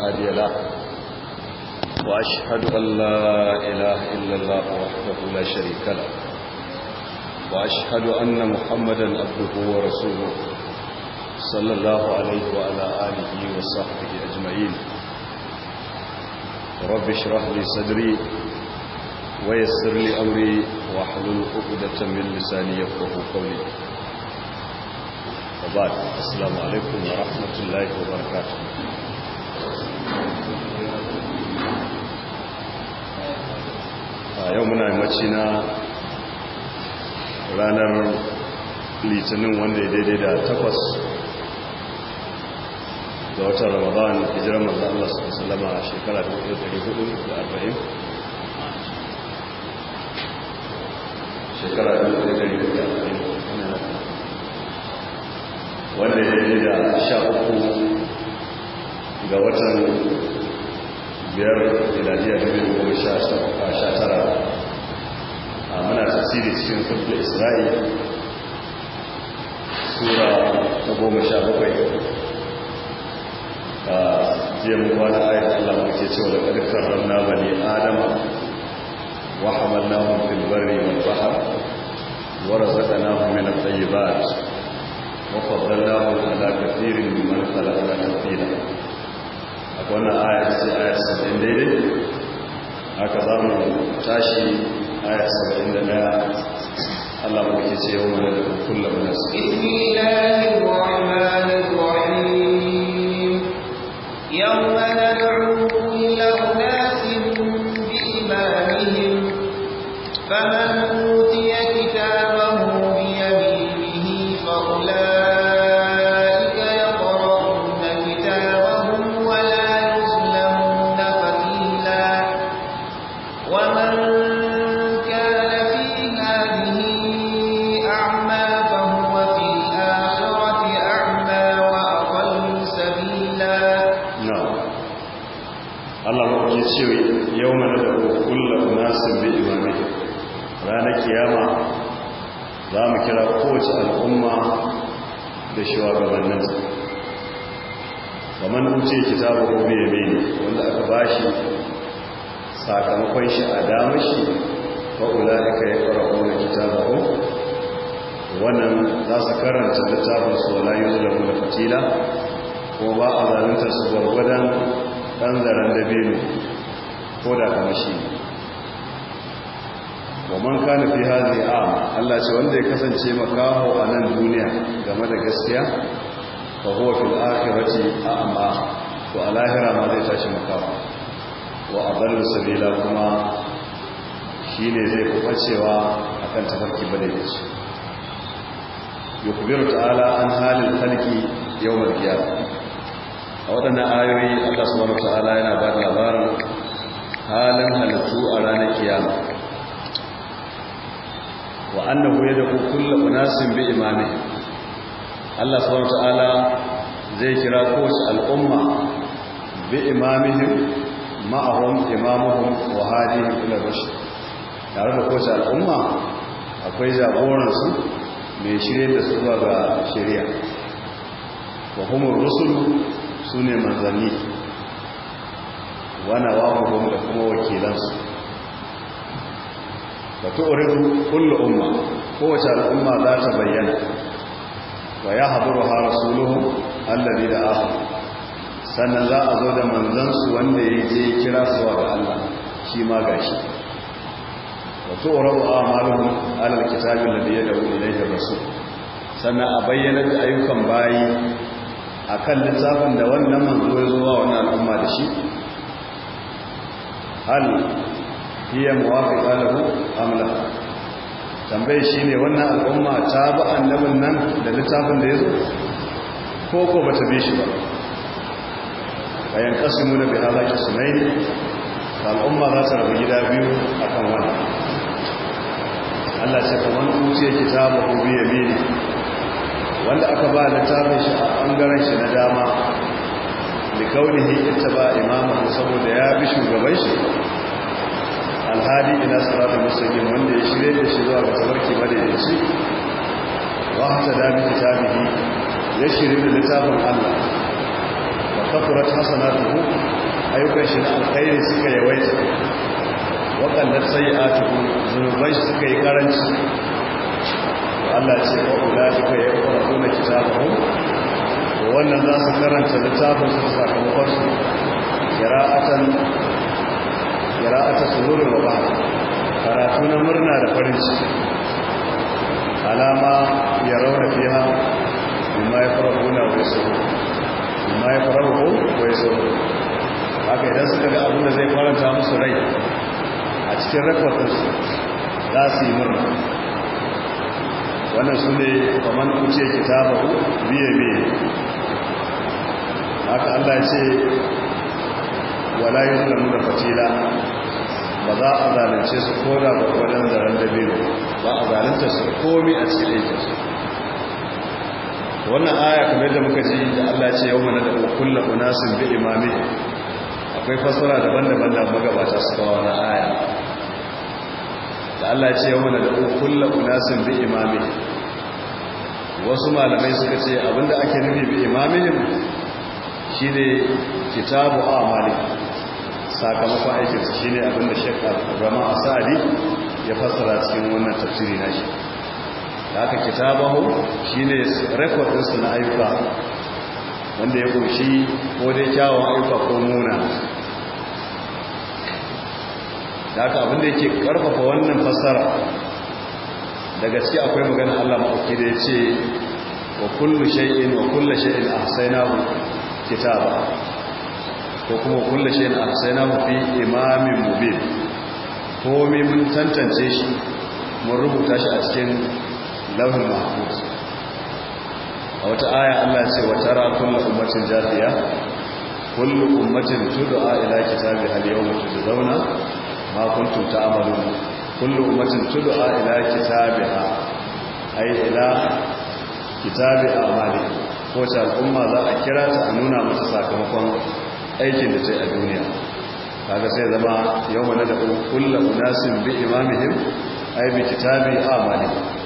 هادي له وأشهد أن لا إله إلا الله وحده لا شريك له وأشهد أن محمدا عبده ورسوله صلى الله عليه وعلى آله وصحبه أجمعين رب اشرح لي صدري ويسر لي أمري واحلل عقدة من لساني يفقه قولي وبعد السلام عليكم ورحمة الله وبركاته a yau muna mace na ranar litinin wanda ya da takwas da watan ramadan hijirar manzo Allah sallallahu alaihi shekara ta 1440 shekara ta 1440 wanda ya daidai da 13 ga watan biyar miladiya dubu goma sha sha tara a muna tasiri cikin sulhul isra'i sura ta goma sha bakwai a jiya mu ba da ayat Allah mu ke cewa da karkar ranna bani adama wa hamalnahum fil barri wal bahr wa razaqnahum min at-tayyibat wa faddalnahum ala kathirin mimman khalaqna tafdila wannan aya ce aya 70 daidai haka za mu tashi aya 71 Allah mu ke ce yau da kullum nasu. Bismillahirrahmanirrahim. ce kitabu ko ya mene wanda aka ba shi sakamakon shi a damar shi fa'ula aka yi fara'o na kitabu wannan za su karanta littafin su yi zuwa da fatila ko ba a zalunta su gwargwadon ɗan zaren da benin ko da kama shi waman ka nufi hazi a Allah ce wanda ya kasance makaho a nan duniya game da gaskiya ba kuwa fil akirati a amma to a lahira ma zai tashi makawa wa abalu sabila kuma shi ne zai kubacewa a kan tafarki ba da yesu yukubiru ta'ala an halin halki yau margiya a waɗannan ayoyi allah subhanahu ta'ala yana ba da labarin halin halittu a ranar kiyama wa annahu yad'u kullu unasin bi imamihim Allah subhanahu zai kira kowace al'umma bi imamihim ma'ahum imamuhum wa hadihim ila rashd tare da kowace al'umma akwai jagoransu mai shirye da su ga shari'a wa kuma rusul su ne manzanni wana wahuhum da kuma wakilansu da tu'uridu kullu umma ko kowace al'umma za ta bayyana wa ya haɗu ha rasuluhun allabi da ahu sannan za a zo da manzansu wanda ya je kira su wa Allah shi ma gashi wato rabu a malum alal kitabin da ya da wuri da rasul sannan a bayyana da ayyukan bayi akan littafin da wannan manzo ya wa wannan al'umma da shi hal hiya muwafiqa lahu amla tambaye shine wannan al'umma ta bi annabin nan da littafin da ya zo ko ko bata bi shi ba a yankasu muna bi halaki sunai al'umma za su rabu gida biyu a kan wani allah ce kamar kuce kitabu hobi biya mini wanda aka ba littafin shi a ɓangaren shi na dama da kaunihi ita ba imama saboda ya bi shugaban shi alhadi ina sarata musulmin wanda ya shirya da shi zuwa ga tabarki madaidaci wa hata da bi ya shirya da littafin allah kafurat hasanatuhu ayyukan shi na alkhairi suka yawaita waɗannan sayi'atuhu zunubai suka yi karanci Allah ce wa kula suka yi ƙwararru na kitabahu wannan za su karanta littafin su sakamakon su kira'atan kira'atan sururin wa ba karatu na murna da farin ciki alama ya rauna fiha bima ya fara na wani sururin amma ya fara ko ko ya sauri haka idan suka ga abin da zai faranta musu rai a cikin rakwatarsu za su yi murna wannan su ne kamar kuce kitabu biye biye haka Allah ce wala yuzlamu da fatila ba za a zalunce su ko da ba wajen zaren biyu ba a zalunta su komi a cikin aikinsu wannan aya kamar yadda muka ji da Allah ce yau mana da kulla unasin bi imami akwai fasara daban-daban da magabata su kawo na aya da Allah ce yau mana da kulla unasin bi imami wasu malamai suka ce abinda ake nufi bi shi shine kitabu amali sakamakon aikinsa shine abinda shekar rama sa'adi ya fassara cikin wannan tafsiri na shi da aka kitabahu shine record din su na wanda ya kunshi ko dai kyawun aifa ko muna da aka abinda yake karfafa wannan fassara daga ciki akwai magana Allah maɗauki da ya ce wa kullu shay'in wa kullu shay'in ahsaynahu kitaba ko kuma kullu shay'in ahsaynahu fi imamin mubin ko mun tantance shi mun rubuta shi a cikin lauhin mahfuz a wata aya Allah ce wa tara kullu ummatin jafiya kullu ummatin tud'a ila kitabiha al-yawma tujzauna ma kuntum ta'malun kullu ummatin tud'a ila kitabiha ay ila kitabi amali ko ta al'umma za a kira ta a nuna mata sakamakon aikin da ta yi a duniya kaga sai zama yawma da kullu unasin bi imamihim ay bi kitabi amali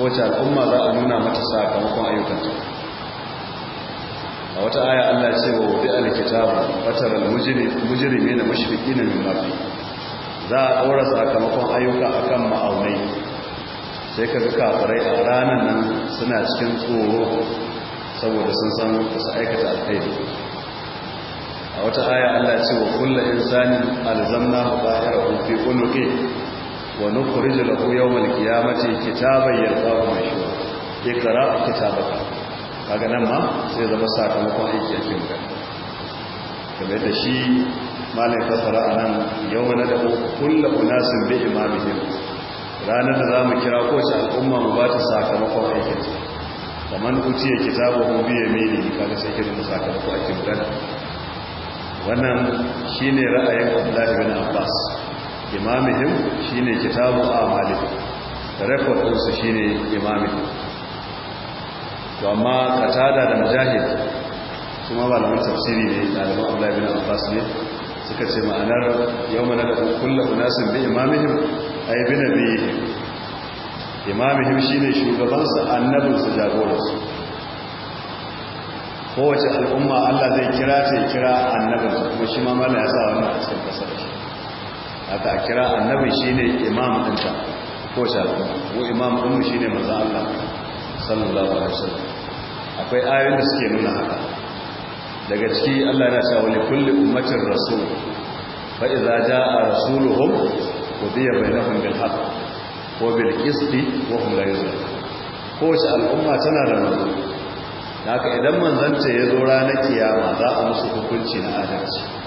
kowace al'umma za a nuna mata sakamakon ayyukanta a wata aya Allah ce wa wadi alkitabu fatar almujrimi na mashirki na mimmafi za a ɗora sakamakon ayyuka kan ma'aunai sai ka zuka farai a ranar nan suna cikin tsoro saboda sun san su aikata alkhairi a wata aya Allah ce wa kullu insanin alzamna a fi qulubi wa ya lahu yawmal qiyamati kitaban yarqahu mashhur ikra kitabaka kaga nan ma sai zama sakamakon aiki a cikin gani game da shi malai fasara anan da nadu kullu unasin bi imamihim ranar da za mu kira ko shi al'umma mu ba ta sakamakon aikin kamar uciye kitabahu bi yamini kaga sai kiran sakamakon aikin magana wannan shine ra'ayin Abdullahi bin Abbas imamihim shine kitabu amali record din su shine imamihim to amma katada da mujahid kuma malamin tafsiri ne daliban Abdullahi bin Abbas ne suka ce ma'anar yawma na da kullu kunasin bi imamihim ay bi nabiyihim imamihim shine shugaban sa annabin su jagoran su kowace al'umma Allah zai kira ta kira annabin kuma shi ma mallaka sa wannan a cikin kasar shi haka a kira annabi shine imam ɗinta ko shafi ko imam ɗinmu shine maza Allah sallallahu alaihi wasallam akwai ayoyin da suke nuna haka daga ciki Allah yana cewa li kulli ummatin rasul fa idza jaa rasuluhum qudiya bainahum bil haqq wa bil qist wa hum la yuzlamun shi al'umma tana da manzo haka idan manzon ya zo ranar kiyama za a musu hukunci na adalci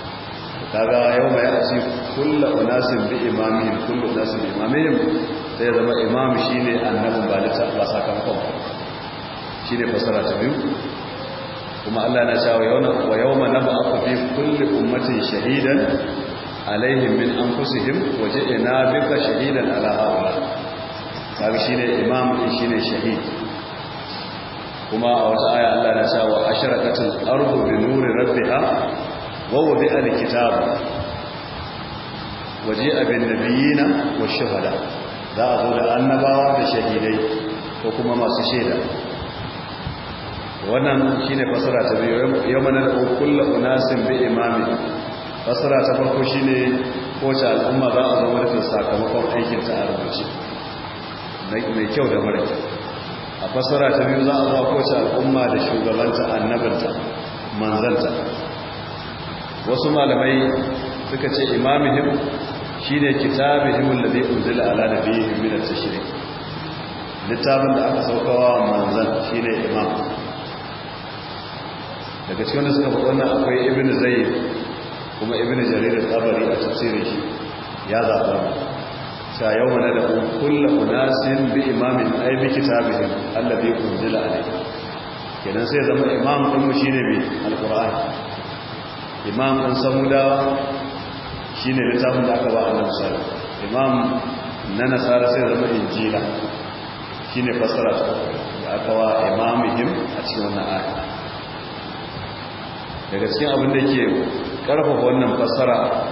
kaga yau mai asi kulla unasin bi imamihim kullu unasin bi imamihim sai zama imam shine annabi ba lissa ba sakamakon shine fasara ta biyu kuma Allah na cewa yau wa yawma nab'athu fi kulli ummatin shahidan alaihim min anfusihim wa ji'na bika shahidan ala haula kaga shine imam din shine shahid kuma a wata aya Allah na cewa asharaqatil ardu bi nuri rabbiha wawo bi alkitab waje abin nabiyina wa shahada za a zo da annabawa da shahidai ko kuma masu shaida wannan shine fasara ta biyu yawmanar kullu unasin bi imami fasara ta farko shine ta al'umma za a zama da sakamakon aikin ta a rubuce mai kyau da mara kyau a fasara ta biyu za a ko ta al'umma da shugabanta annabinta manzanta wasu malamai suka ce imamihim shine kitabihim alladhi unzila ala biyu min at-tashrik littafin da aka saukawa manzan ne imam daga cikin da suka faɗi wannan akwai ibn zayd kuma ibn jarir al-tabari a tafsirin shi ya zaba sa yawma da kullu unasin bi imamin ay bi kitabihim alladhi unzila alayhi kenan sai zama imam din mu shine bi al-qur'ani imam ɗan samuda shi ne littafin da aka ba a nan sara imam na nasara sai zama injila shi ne fasara da aka wa imamihim a cikin wannan aya daga cikin abin da ke ƙarfafa wannan fasara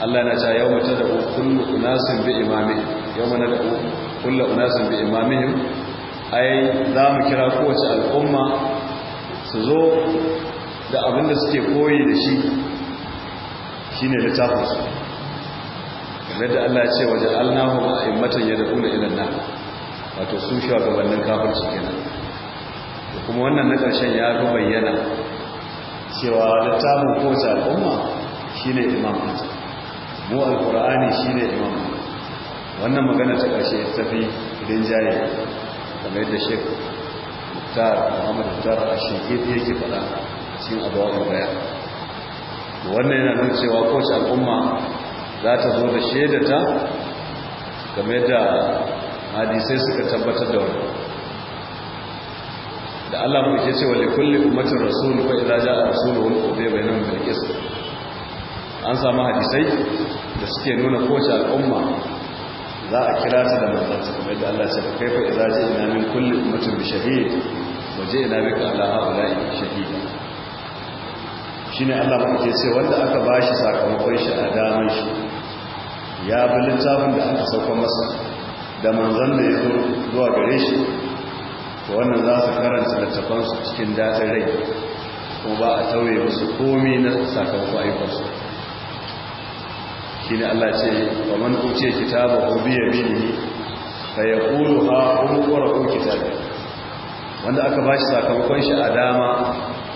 Allah na cewa yau mace da kullu unasin bi imamihim yau mana da kullu unasin bi imamihim ai za mu kira kowace al'umma su zo da abin da suke koyi da shi shine littafin su kamar da Allah ya ce waje alnahu himmatan ya ila da nar wato su kafin su kenan da kuma wannan na ƙarshen ya fi bayyana cewa ko kowace al'umma shine imam ɗinta mu al shi shine imam wannan magana ta ƙarshe tafi idan jaye kamar yadda shek ta muhammadu ta a shekiti yake faɗa cikin abawar baya wannan yana nuna cewa kowace al'umma za ta zo da shaidata game da hadisai suka tabbatar da wani da Allah mu ke cewa likulli ummatin rasulu za idza jaa wani qudiya bai bil qist an samu hadisai da suke nuna kowace al'umma za a kira su da manzansa kamar da Allah ya kai fa idza jaa min kulli ummatin bi shahid wa jaa bika ala haula'i shahida ne Allah muke ce wanda aka bashi sakamakon shi a damar shi ya bi littafin da aka sauka masa da manzan da ya zo zuwa gare shi to wannan za su karanta littafan su cikin datar rai kuma ba a tauye musu komi na sakamakon ayyukansu ne Allah ce wa man uce kitabahu bi ka ya kuru ha umqra'u kitabi wanda aka bashi sakamakon shi a dama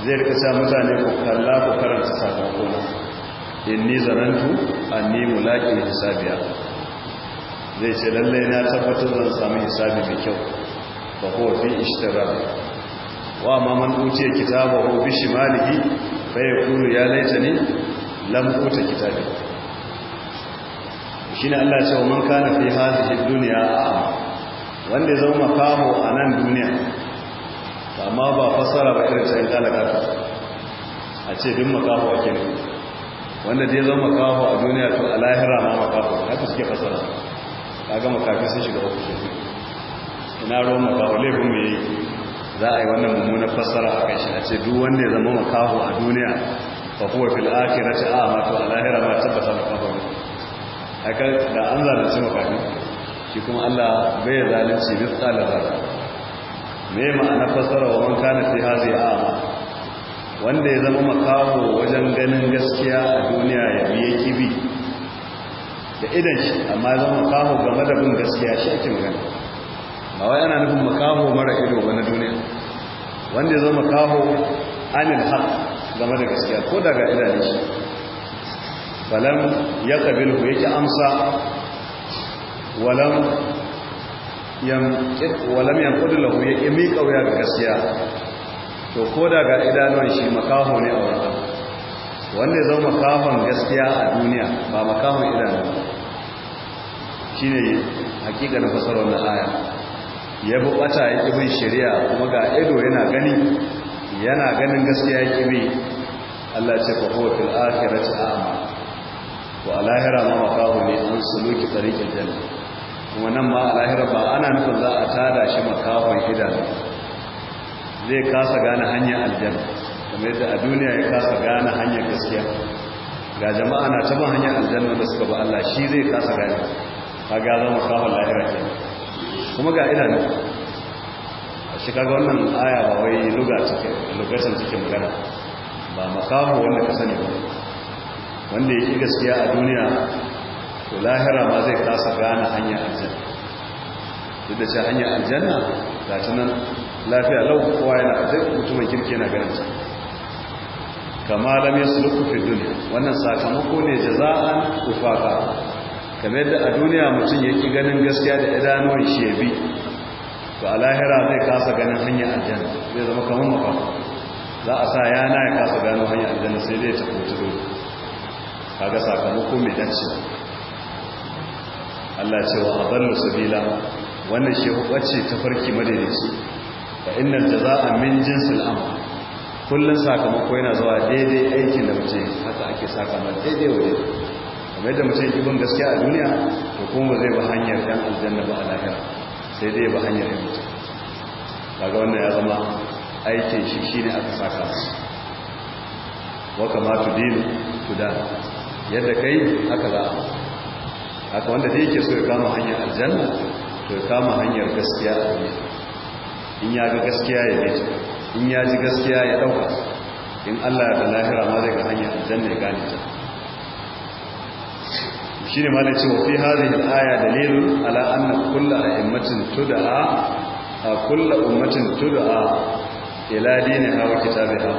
zai rika sa mutane ku kalla ku karanta sakamako na inni zarantu ni mulaqin hisabiya zai ce lalle na tabbatar zan samu hisabi mai kyau ba huwa fi ishtirab wa ma man kitabu kitabahu bi maliki fa kuru ya laitani lam uta kitabi ne Allah ya ce man kana fi wanda zama makamu a nan duniya amma ba fassara ba irin sai talaka ta a ce din makaho ake ne wanda dai zama makaho a duniya to a lahira ma makaho haka suke fassara kaga makafi sun shiga uku shi ina ruwan makaho laifin me yi za a yi wannan mummunan fassara a kai shi a ce duk wanda ya zama makaho a duniya fa huwa fil akhirati ma to a lahira ma tabbata makaho ne haka da an zalunci makafi shi kuma Allah bai zalunci bi tsala zalunci me ma'ana fasara wa man kana fi hazi a wanda ya zama makaho wajen ganin gaskiya a duniya ya biye kibi da idan shi amma ya zama makaho game da bin gaskiya shi ake magana ba wai ana nufin makaho mara ido ba na duniya wanda ya zama makaho anil haq game da gaskiya ko daga idan shi balam ya kabilu yake amsa walam walam kudu lahu ya ƙi miƙa wuya ga gaskiya to ko daga idanuwan shi makaho ne a wata wanda ya zama makahon gaskiya a duniya ba makahon idanu shi ne hakika na fasarar na aya ya buɓata ya ƙibin shari'a kuma ga ido yana gani yana ganin gaskiya ya ƙibi allah ce fa kowa fil akhirati a'ma wa ma makaho ne an suluki tsarikin janna kuma nan ma a lahira ba ana nufin za a tada shi makafin idan zai kasa gane hanyar aljanna kuma yadda a duniya ya kasa gane hanyar gaskiya ga jama'a na taba hanyar aljanna da suka ba Allah shi zai kasa gane ka ga zama kafin lahira ke kuma ga idan a shiga ga wannan aya ba wai luga cikin magana ba makamu wanda ka sani ba wanda ya yi gaskiya a duniya to lahira ma zai kasa gane hanyar aljanna duk da ce hanyar aljanna ga ta nan lafiya lau kowa yana zai mutumin kirki yana garin ta kama lam yasluku fi dunya wannan sakamako ne jaza'an kufafa kamar yadda a duniya mutum yake ganin gaskiya da idanuwan shi ya bi to a lahira zai kasa ganin hanyar aljanna zai zama kamar mafa za a sa yana ya kasa gano hanyar aljanna sai dai ta kotu tudu kaga sakamako mai dace Allah ce wa adallu sabila wannan shi wacce ta farki madaidaici fa innal jazaa min jinsil amr kullun sakamako yana zuwa daidai aikin da mutum haka ake saka mai daidai wa daidai kamar yadda mutum yake bin gaskiya a duniya to kuma zai ba hanyar dan aljanna ba a lahira sai dai ba hanyar mutum kaga wannan ya zama aikin shi shine aka saka shi wa kama tudin tudan yadda kai haka za haka wanda da yake so ya kama hanyar aljanna to ya kama hanyar gaskiya a duniya in ya ga gaskiya ya bece in ya ji gaskiya ya ɗauka in allah ya lahira ma zai ga hanyar aljanna ya gane ta shi ne malai cewa fi hazin aya dalilun ala anna kulla a immatin tuda'a a kulla ummatin tuda'a ila dini hawa kitabiha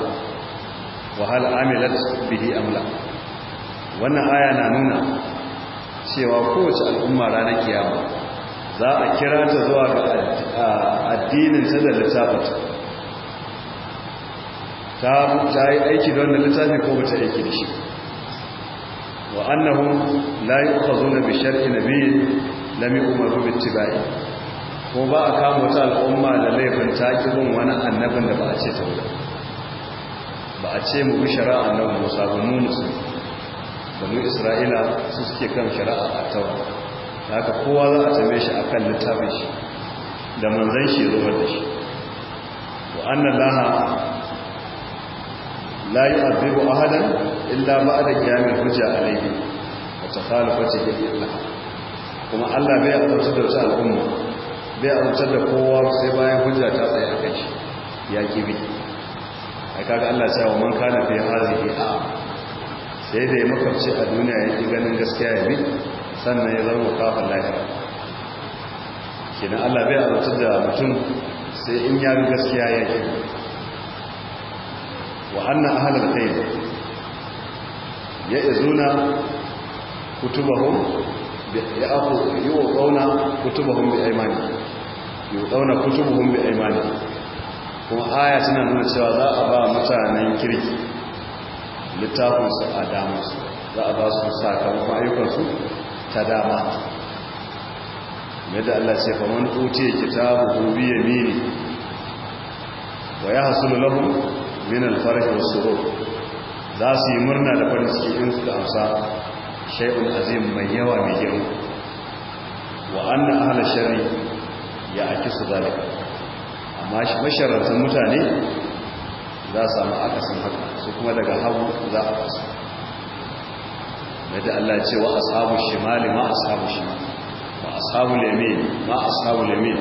wa hal amilat bihi amla wannan aya na nuna cewa kowace al'umma ranar kiyama za a kira ta zuwa ga addinin ta da littafinta ta yi aiki don da littafin ko ba aiki da shi wa annahum la yu'khazuna bi shar'i nabiyyin lami yu'maru bi bayi ko ba a kama wata al'umma da laifin takibin wani annabin da ba a ce ta ba a ce mu bi shari'a annabi Musa ba mu musulmi banu isra'ila su suke kan shari'a a taura da haka kowa za a tambaye shi a kan littafin shi da manzan shi zuwa da shi wa annan laha layi yi azibu ahadan illa ba da kiyamin hujja alaihi wa ta ke illa kuma Allah bai azabta da wata al'umma bai azabta da kowa sai bayan hujja ta tsaye a kai ya kibi ai kaga Allah ya wa man kana fi hazi a sai da ya makarci a duniya ya ke ganin gaskiya ya bi sannan ya zama kafin lahira kenan allah bai azabtar da mutum sai in ya bi gaskiya ya ke. wa annan ahalar kai ya izuna kutubahun ya abu yi wa ƙauna kutubahun bi aimani yi wa ƙauna kutubahun bi aimani kuma aya suna nuna cewa za a ba mutanen kirki littafinsu a damarsu za a ba su sakamakon ayyukansu ta dama yadda Allah ce faman tuce kitabu ya mini. wa hasu lahum min al wasu za su yi murna da farin ciki in da amsa shaibun azim mai yawa mai girma wa an ahla sharri ya ake su zalika amma shi masharratan mutane za a samu akasin haka su kuma daga hagu za a kasu yadda Allah ce wa ashabu shimali ma ashabu shimali wa ashabu lamin ma ashabu lamin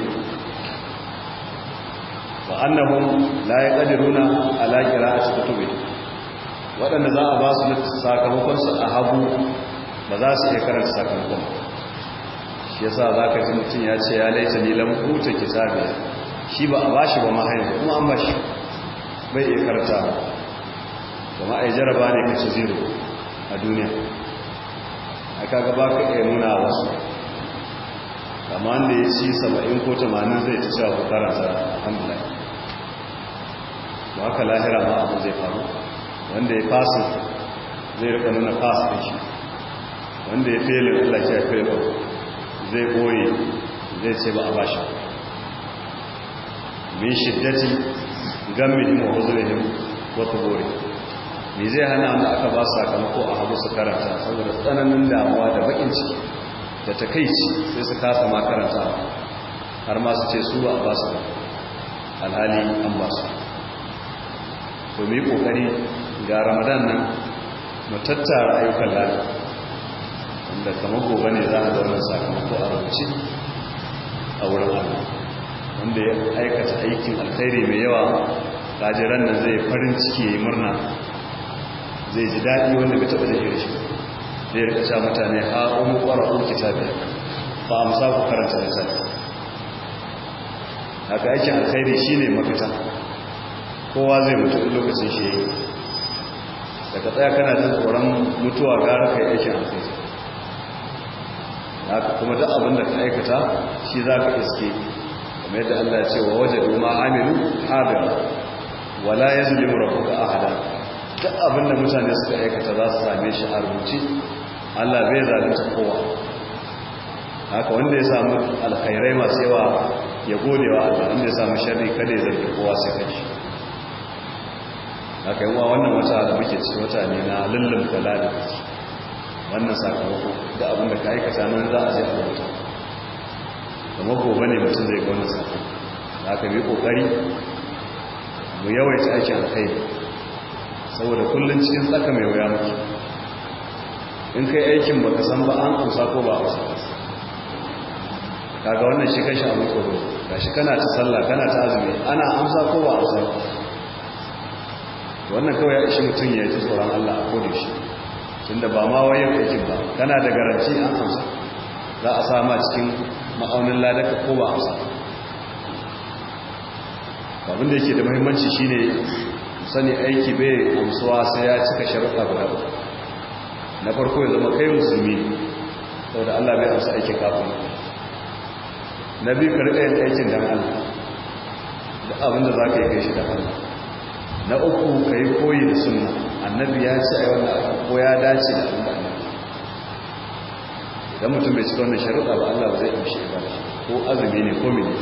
wa annahum la yaqdiruna ala qira'ati kutubi waɗanda za a ba su sakamakon su a hagu ba za su iya karanta sakamakon shi yasa zaka ji mutum ya ce ya laita ni lam kuta kitabi shi ba a bashi ba mahaifa kuma an bashi bai iya karta kuma a yi jaraba ne kace zero a duniya a kaga ba ka iya nuna wasu amma wanda ya ci saba'in ko tamanin zai ci cewa bukaransa alhamdulillah ba ka lahira ma abu zai faru wanda ya fasa zai rika nuna fasa da shi wanda ya felin allah ya felin zai koye zai ce ba a bashi min shiddati gammihim wa huzurihim wata tuburihim me zai hana mu aka ba sakamako a hagu su karanta saboda tsananin damuwa da bakin ciki da takaici sai su kasa ma karanta har ma su ce su ba su alhali an ba su to mu yi kokari ga ramadan nan mu tattara ayyukan lalata wanda kamar gobe ne za a zauna sakamako a rubuci a wurin hannu wanda ya aikata aikin alkhairi mai yawa kajiran nan zai farin ciki ya yi murna zai ji daɗi wanda bai taɓa da shi zai rika sha mutane ha mu ƙwara umu kitabi ba a musa ku karanta lissafi haka aikin alkhairi shi ne mafita kowa zai mutu in lokacin shi ya yi daga tsaya kana jin tsoron mutuwa gara kai aikin alkhairi haka kuma duk abin da ka aikata shi za ka iske kamar yadda Allah ya ce wa waje ma amilu hadir wala murafu ga ahada ta abin da mutane suka aikata za su same shi a rubuci Allah bai zalunta kowa haka wanda ya samu alkhairai masu yawa ya gode wa Allah wanda ya samu sharri kada ya zargi kowa sai kai shi haka yawa wannan wata da muke ci wata ne na lullum da talada wannan sakamako da abin da ka aikata nan za a zai a kuma gobe ne mutum zai gona sako za ka bi kokari mu yawaita aikin kai saboda kullum cikin tsaka mai wuya muke in kai aikin ba ka san ba an kusa ko ba a kusa kaga wannan shi kashi abin tsoro shi kana ta sallah kana ta azumi ana amsa ko ba a wasu wannan kawai ya ishi mutum ya ji tsoron Allah a kodin shi tunda ba ma wayan aikin ba kana da garanti an amsa za a sama cikin ma'aunin ladaka ko ba amsa abin da yake da muhimmanci shine sani aiki bai amsuwa sai ya cika sharuɗa guda na farko ya zama kai musulmi saboda Allah bai amsa aikin kafin na biyu ka riƙa yin aikin dan Allah da abin da za ka yi kai shi dan Allah na uku ka yi koyi da sunna annabi ya ce a yi wannan ko ya dace da abin da da mutum bai cika wannan sharuɗa ba Allah ba zai amshi ibada ko azumi ne ko mene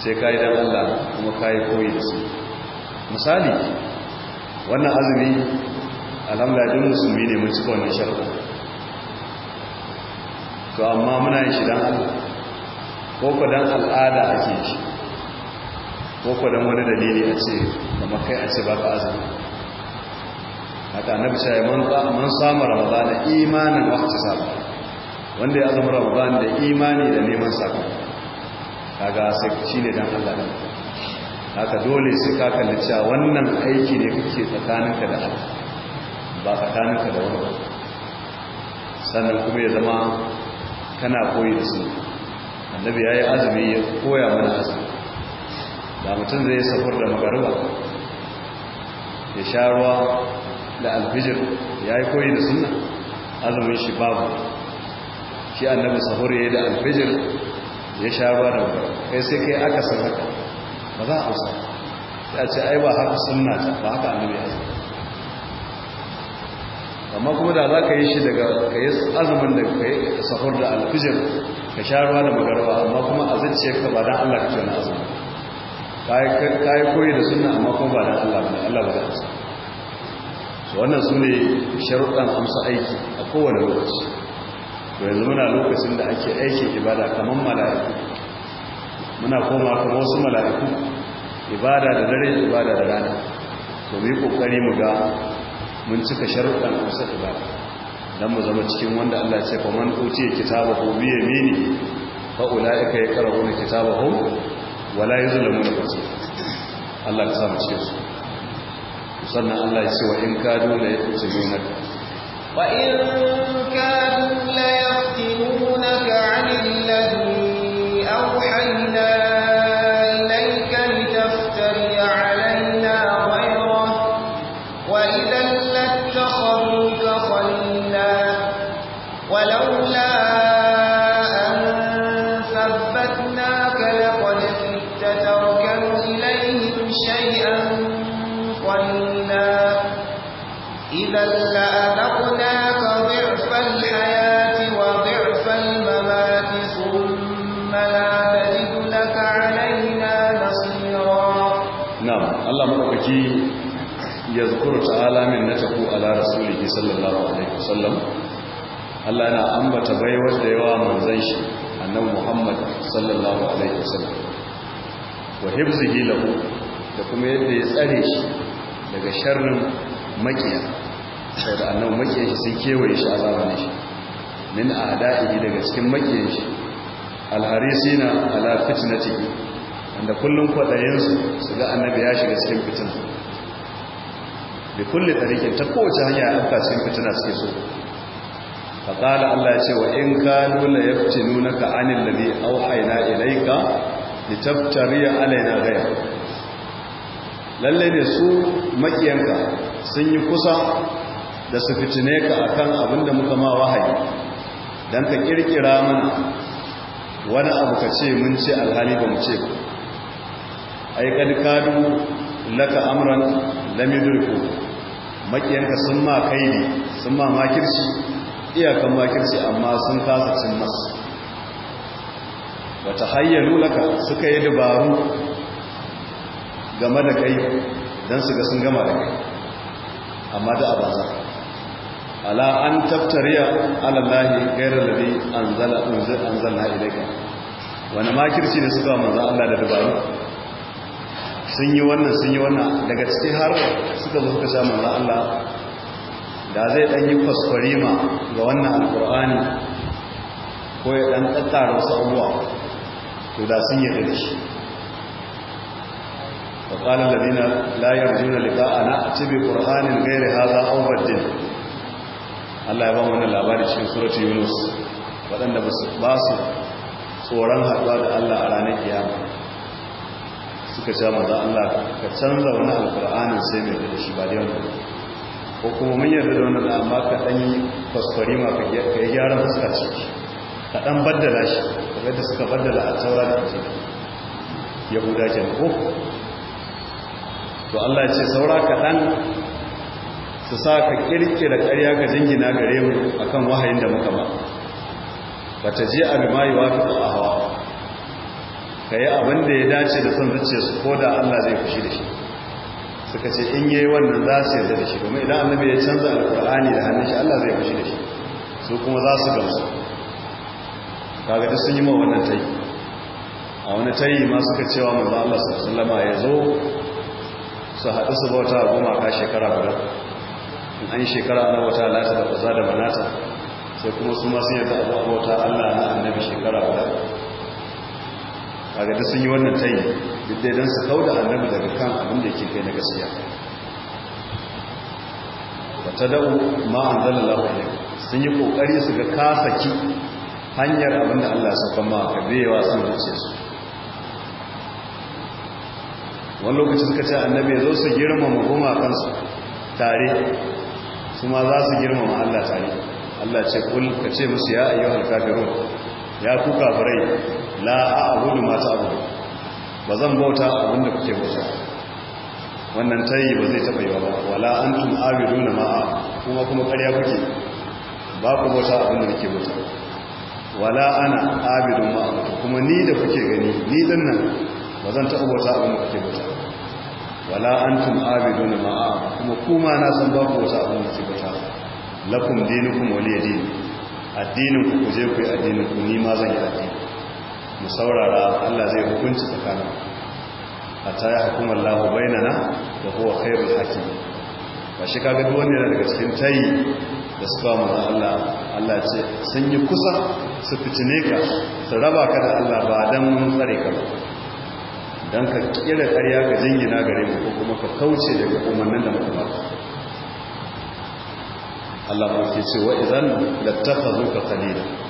sai kayi dan Allah kuma kayi koyi da su misali wannan azumi alhamdulillah musulmi ne mun cika wannan sharuɗa to amma muna yin shi don Allah ko ko dan al'ada ake shi ko ko dan wani dalili a ce kamar kai a ce ba ka azumi haka annabi sai man man samu ramadana wata wahtisaba wanda ya zama ramadan da imani da neman sako kaga sai ne dan Allah ne haka dole sai ka kalli cewa wannan aiki ne kake tsakaninka da Allah ba tsakaninka da wani sannan kuma ya zama kana koyi da su annabi yayi azumi ya koya mana azumi da mutum zai safar da magariba ya sha ruwa da alfijir ya yi koyi da sunna azumin shi babu shi annabi sahur ya yi da alfijir ya sha ruwa da kai sai kai aka sarrafa ba za a usa ya ce ai ba haka sunna ta ba haka annabi ya zai amma kuma da za ka yi shi daga ka yi azumin da ka yi sahur da alfijir ka sha ruwa da magarba amma kuma a zance ka ba don allah ka ce wani azumi ka yi koyi da sunna amma kuma ba don allah ba allah ba da azumi wannan su ne sharuɗan amsa aiki a kowane lokaci to yanzu muna lokacin da ake aikin ibada kamar mala'iku muna koma kamar wasu mala'iku ibada da dare ibada da rana to mu yi kokari mu ga mun cika sharuɗan kusa ibada dan mu zama cikin wanda Allah ya ce fa man kitaba kitabahu bi yamini fa ulaika yaqra'una ko wala yuzlamuna fasila Allah ya sa mu cikin su sannan Allah ya ce wa in ya la yatimuna وإن كانوا ليفتنونك عن Allah na ambata baiwar da yawa manzan shi annabi Muhammad sallallahu alaihi wasallam wa hifzihi lahu da kuma yadda ya tsare shi daga sharrin makiya saboda annabi makiya shi sun kewaye shi a zamanin shi min a'da'ihi daga cikin makiya shi alharisina ala fitnatihi wanda kullum kwadayin su ga annabi ya shiga cikin fitina da kulle tarikin ta kowace hanya an afka cikin fitina suke so faƙala Allah ya ce wa in kanu la yaftinunaka anil ladhi auhayna ilayka litaftariya alaina gaya. Lallai ne su makiyanka sun yi kusa da su fitine ka akan abinda muka ma wahayi dan ka ƙirƙira mana wani abu ka ce mun ce alhali ba mu ce ba ai kad kadu laka amran lam makiyanka sun ma kaidi sun ma makirci iyakan makirci amma sun kasa cin masu wata hayyalu laka suka yi dabaru game da kai don su ga sun gama da kai amma da abaza ala an taftariya alallahi gairar da an zala an zala ilaika wani makirci ne suka manza Allah da dabaru sun yi wannan sun yi wannan daga cikin har suka zo suka sha manza Allah da zai ɗan yi kwaskwarima ga wannan alkur'ani ko ya ɗan tattara wasu abuwa to da sun yi da shi وقال الذين لا يرجون لقاءنا اتب قران غير هذا او بدل Allah ya wannan labari cikin suratul Yunus waɗanda ba su tsoron haɗuwa da Allah a ranar kiyama suka ce maza Allah ka canza wani alƙur'anin sai mai da shi ba da yawan ko kuma mun yarda da wannan amma ka dan yi kwaskwari ma ka yi gyaran fuska ce ka dan baddala shi kamar da suka baddala a taura da ke yahuda ke ko to Allah ya ce saura ka dan su sa ka kirkira ƙarya ga jingina gare mu akan wahayin da muka ba ba ta je a bimayi wa ta a hawa ka yi abin da ya dace da son zuciya su ko da Allah zai fushi da shi suka ce in yi wannan za su yarda da shi domin idan annabi ya canza alkur'ani da hannun shi Allah zai fushi da shi su kuma za su gamsu kaga duk sun yi ma wannan tayi a wani tayi ma suka cewa za Allah su lama ya zo su haɗu su bauta goma ka shekara guda in an shekara na wata lati da kusa da manata sai kuma su ma sun a bauta Allah na annabi shekara guda kaga duk sun yi wannan tayi duk da dan su kauda annabi daga kan abin da yake kai na gaskiya watadau ma anzalallahu alaihi sun yi kokari su ga kasaki hanyar abin da Allah ya kama ka bewa sun wuce su wani lokaci suka ce annabi ya zo su girmama kansu tare su ma za su girmama Allah tare Allah ce kul ka ce musu ya ayyuhal kafirun ya ku kafirai la a'budu ma ta'budu ba zan bauta abin da kuke bauta wannan tayi ba zai taba yiwa ba wala antum abiduna ma kuma kuma ƙarya kuke ba ku bauta abin da kuke bauta wala ana abidun ma kuma ni da kuke gani ni din nan ba zan taba bauta abin da kuke bauta wala antum abiduna ma kuma kuma na san ba ku bauta abin da kuke bauta lakum dinukum waliya din addinin ku je ku yi addinin ku ni ma zan yi addini mu saurara Allah zai hukunci tsakanin hatta hukumar hukuma Allah bainana da huwa khairul haki ba shi kaga duk wani na daga cikin tayi da su mu Allah Allah ce sun yi kusa su fitine ka su raba ka da Allah ba dan mun tsare ka ba dan ka kira ƙarya ka jingina gare mu ko kuma ka kauce daga umarnin da muka baka Allah ba ke ce wa idan lattakhazuka qalila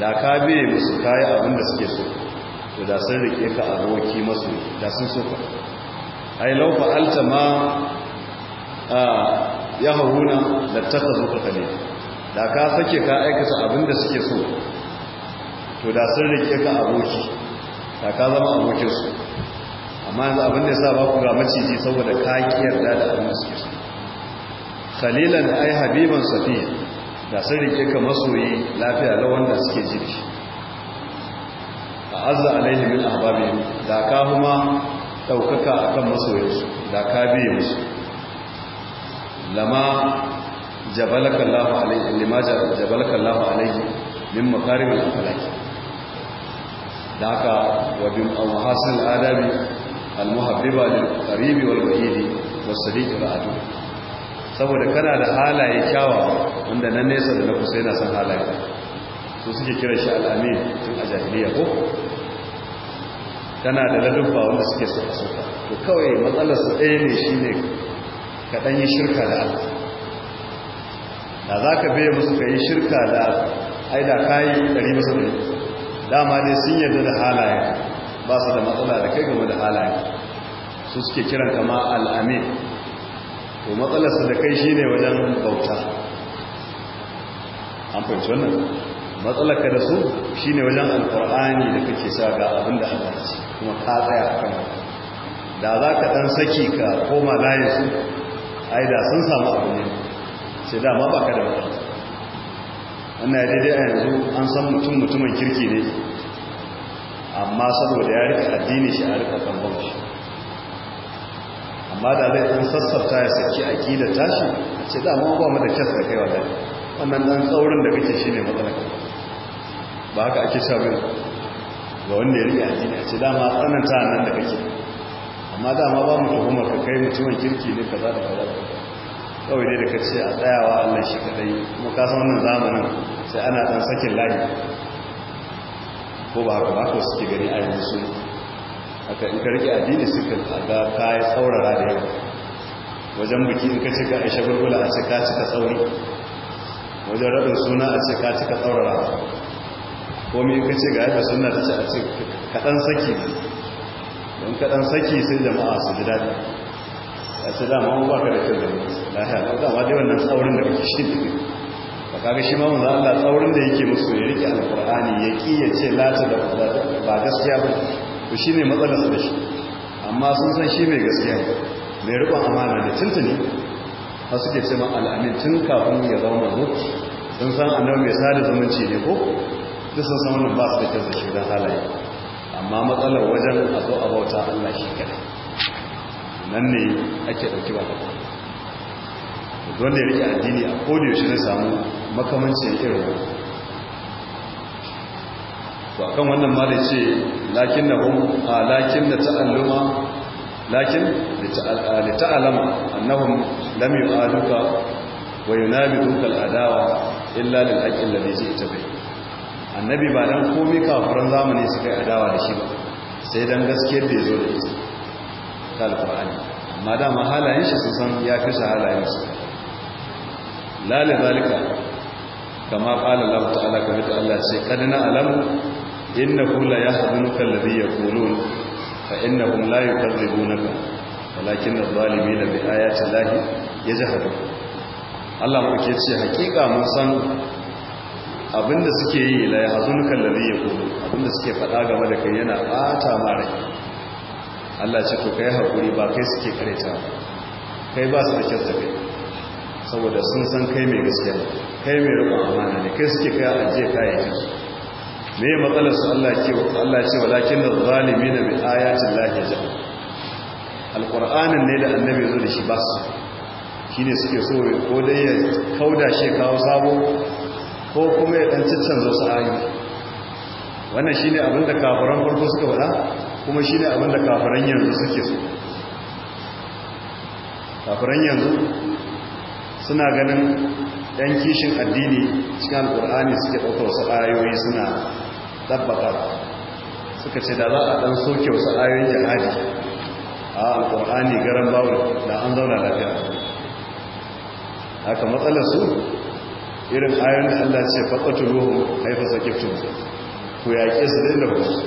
da ka biye musu kayi abin da suke so to da sun rike ka aboki masu da sun so ka ai law fa'alta ma ya hauna da takazu ka kale da ka sake ka aikata abin da suke so to da sun rike ka aboki da ka zama abokin su amma yanzu abin da ya yasa ba ku ga maciji saboda ka yarda da abin da suke so khalilan ai habiban safiya da sun ke ka masoyi lafiya da wanda suke jiki a azza alaihi min ahbabi da ka kuma daukaka akan masoyi da ka biye musu lama jabalaka Allah alaihi lima jabalaka Allah alaihi min makarimil akhlaq da ka wa bi mahasil adabi al muhabbiba lil qaribi wal ba'idi was sadiq al adu saboda kana da halaye kyawa wanda nan nesa da na kusa yana son halaye su suke kira shi al'amin tun a jahiliya ko Tana da lalubba wanda suke suka suka to kawai matsalar su ɗaya ne shi ne kaɗan yi shirka da allah da za ka bai musu ka yi shirka da ai da kayi ɗari masu ne dama dai sun yarda da halaye ba su da matsala da kai game da halaye su suke kiran kama al'amin to matsalar da kai shine wajen bauta an fahimci wannan ka da su shine wajen alkur'ani da kake sa ga abin da Allah ce kuma ka tsaya a kan da za ka ɗan saki ka koma layin su ai da sun samu abu ne sai dama ba ka da wata wannan ya daidai a yanzu an san mutum mutumin kirki ne amma saboda ya rika addini shi a rika kan bauta amma da zai ɗan sassafta ya saki kila tashi ce da ma ba mu da kyas da kai wa dai wannan dan tsaurin da kake shi ne matsalar ba haka ake sha ga wanda ya riƙe addini ce ma tsananta nan da kake amma ma ba mu tuhumar ka kai mutumin kirki ne kaza da kaza kawai dai da kace a tsayawa Allah shi kadai kuma ka san wannan zamanin sai ana dan sakin layi ko ba haka ba ko suke gani a yanzu haka in karki rike addini suka ga ka yi tsaurara da yau wajen biki in ka ce ka aisha gulgula a ce ka cika tsauri wajen rabin suna a ce ka cika tsaurara komi in ka ce ga yadda suna ta ce a ce kaɗan saki don kaɗan saki sai jama'a su ji daɗi a ce dama an ba ka da kyau da lafiya ba dama dai wannan tsaurin da kake shi ba ga shi ma manzo Allah tsaurin da yake musu ya rike Alƙur'ani ya ƙi ya ce lati da ba gaskiya ba to shi ne matsalarsa da shi amma sun san shi mai gaskiya mai riƙon amana da tuntuni a suke ce ma al'amin tun kafin ya zama mazu sun san annabi mai sada zumunci ne ko duk sun san wannan ba su da kyansa shi don halaye amma matsalar wajen a zo a bauta allah shi kai nan ne ake ɗauki ba da ya rike addini a kodiyoshi yaushe na samu makamancin irin to akan wannan ma da ce lakin na hum a lakin da ta'alluma lakin li ta'alama annahum lam yu'aduka wa yunabiduka al'adawa illa lil haqqi alladhi ji'ta bihi annabi ba dan komai kafiran zamani suka yi adawa da shi ba sai dan gaske da yazo da ita ta alqur'ani amma da mahalayen shi sun san ya fi halayen su la la kama qala Allah ta'ala kamar da Allah ce kadana alamu innahu la yahzunuka alladhi yaqulun fa innahum la yukadzibunaka walakin adh-dhalimina bi ayati llahi yajhadun Allah ku ke ce hakika mun san abinda suke yi la yahzunuka alladhi yaqulun abinda suke faɗa game da kai yana bata ma rai Allah ce to kai hakuri ba kai suke kareta kai ba su da kyautar kai saboda sun san kai mai gaskiya kai mai rikon amana ne kai suke kai ajiye kayayyakin su me ya matsalar su Allah ce Allah ce walakin da zalimi na bi ayatin lahi ya jabu ne da annabi zo da shi ba su shi ne suke so ko dai ya kauda shi kawo sabo ko kuma ya ɗan ciccanza su ayi wannan shi ne abin da kafaran farko suka wada kuma shi ne abin da kafaran yanzu suke so kafaran yanzu suna ganin ɗan kishin addini cikin Alƙur'ani suke ɗaukar wasu ayoyi suna tabbata suka ce da za a ɗan soke wasu ayoyin jihadi a alƙur'ani garan bawul da an zauna lafiya haka matsalar su irin ayoyin da allah ce faɗaɗin ruhun haifar sakiftun ku yaƙi su da kusa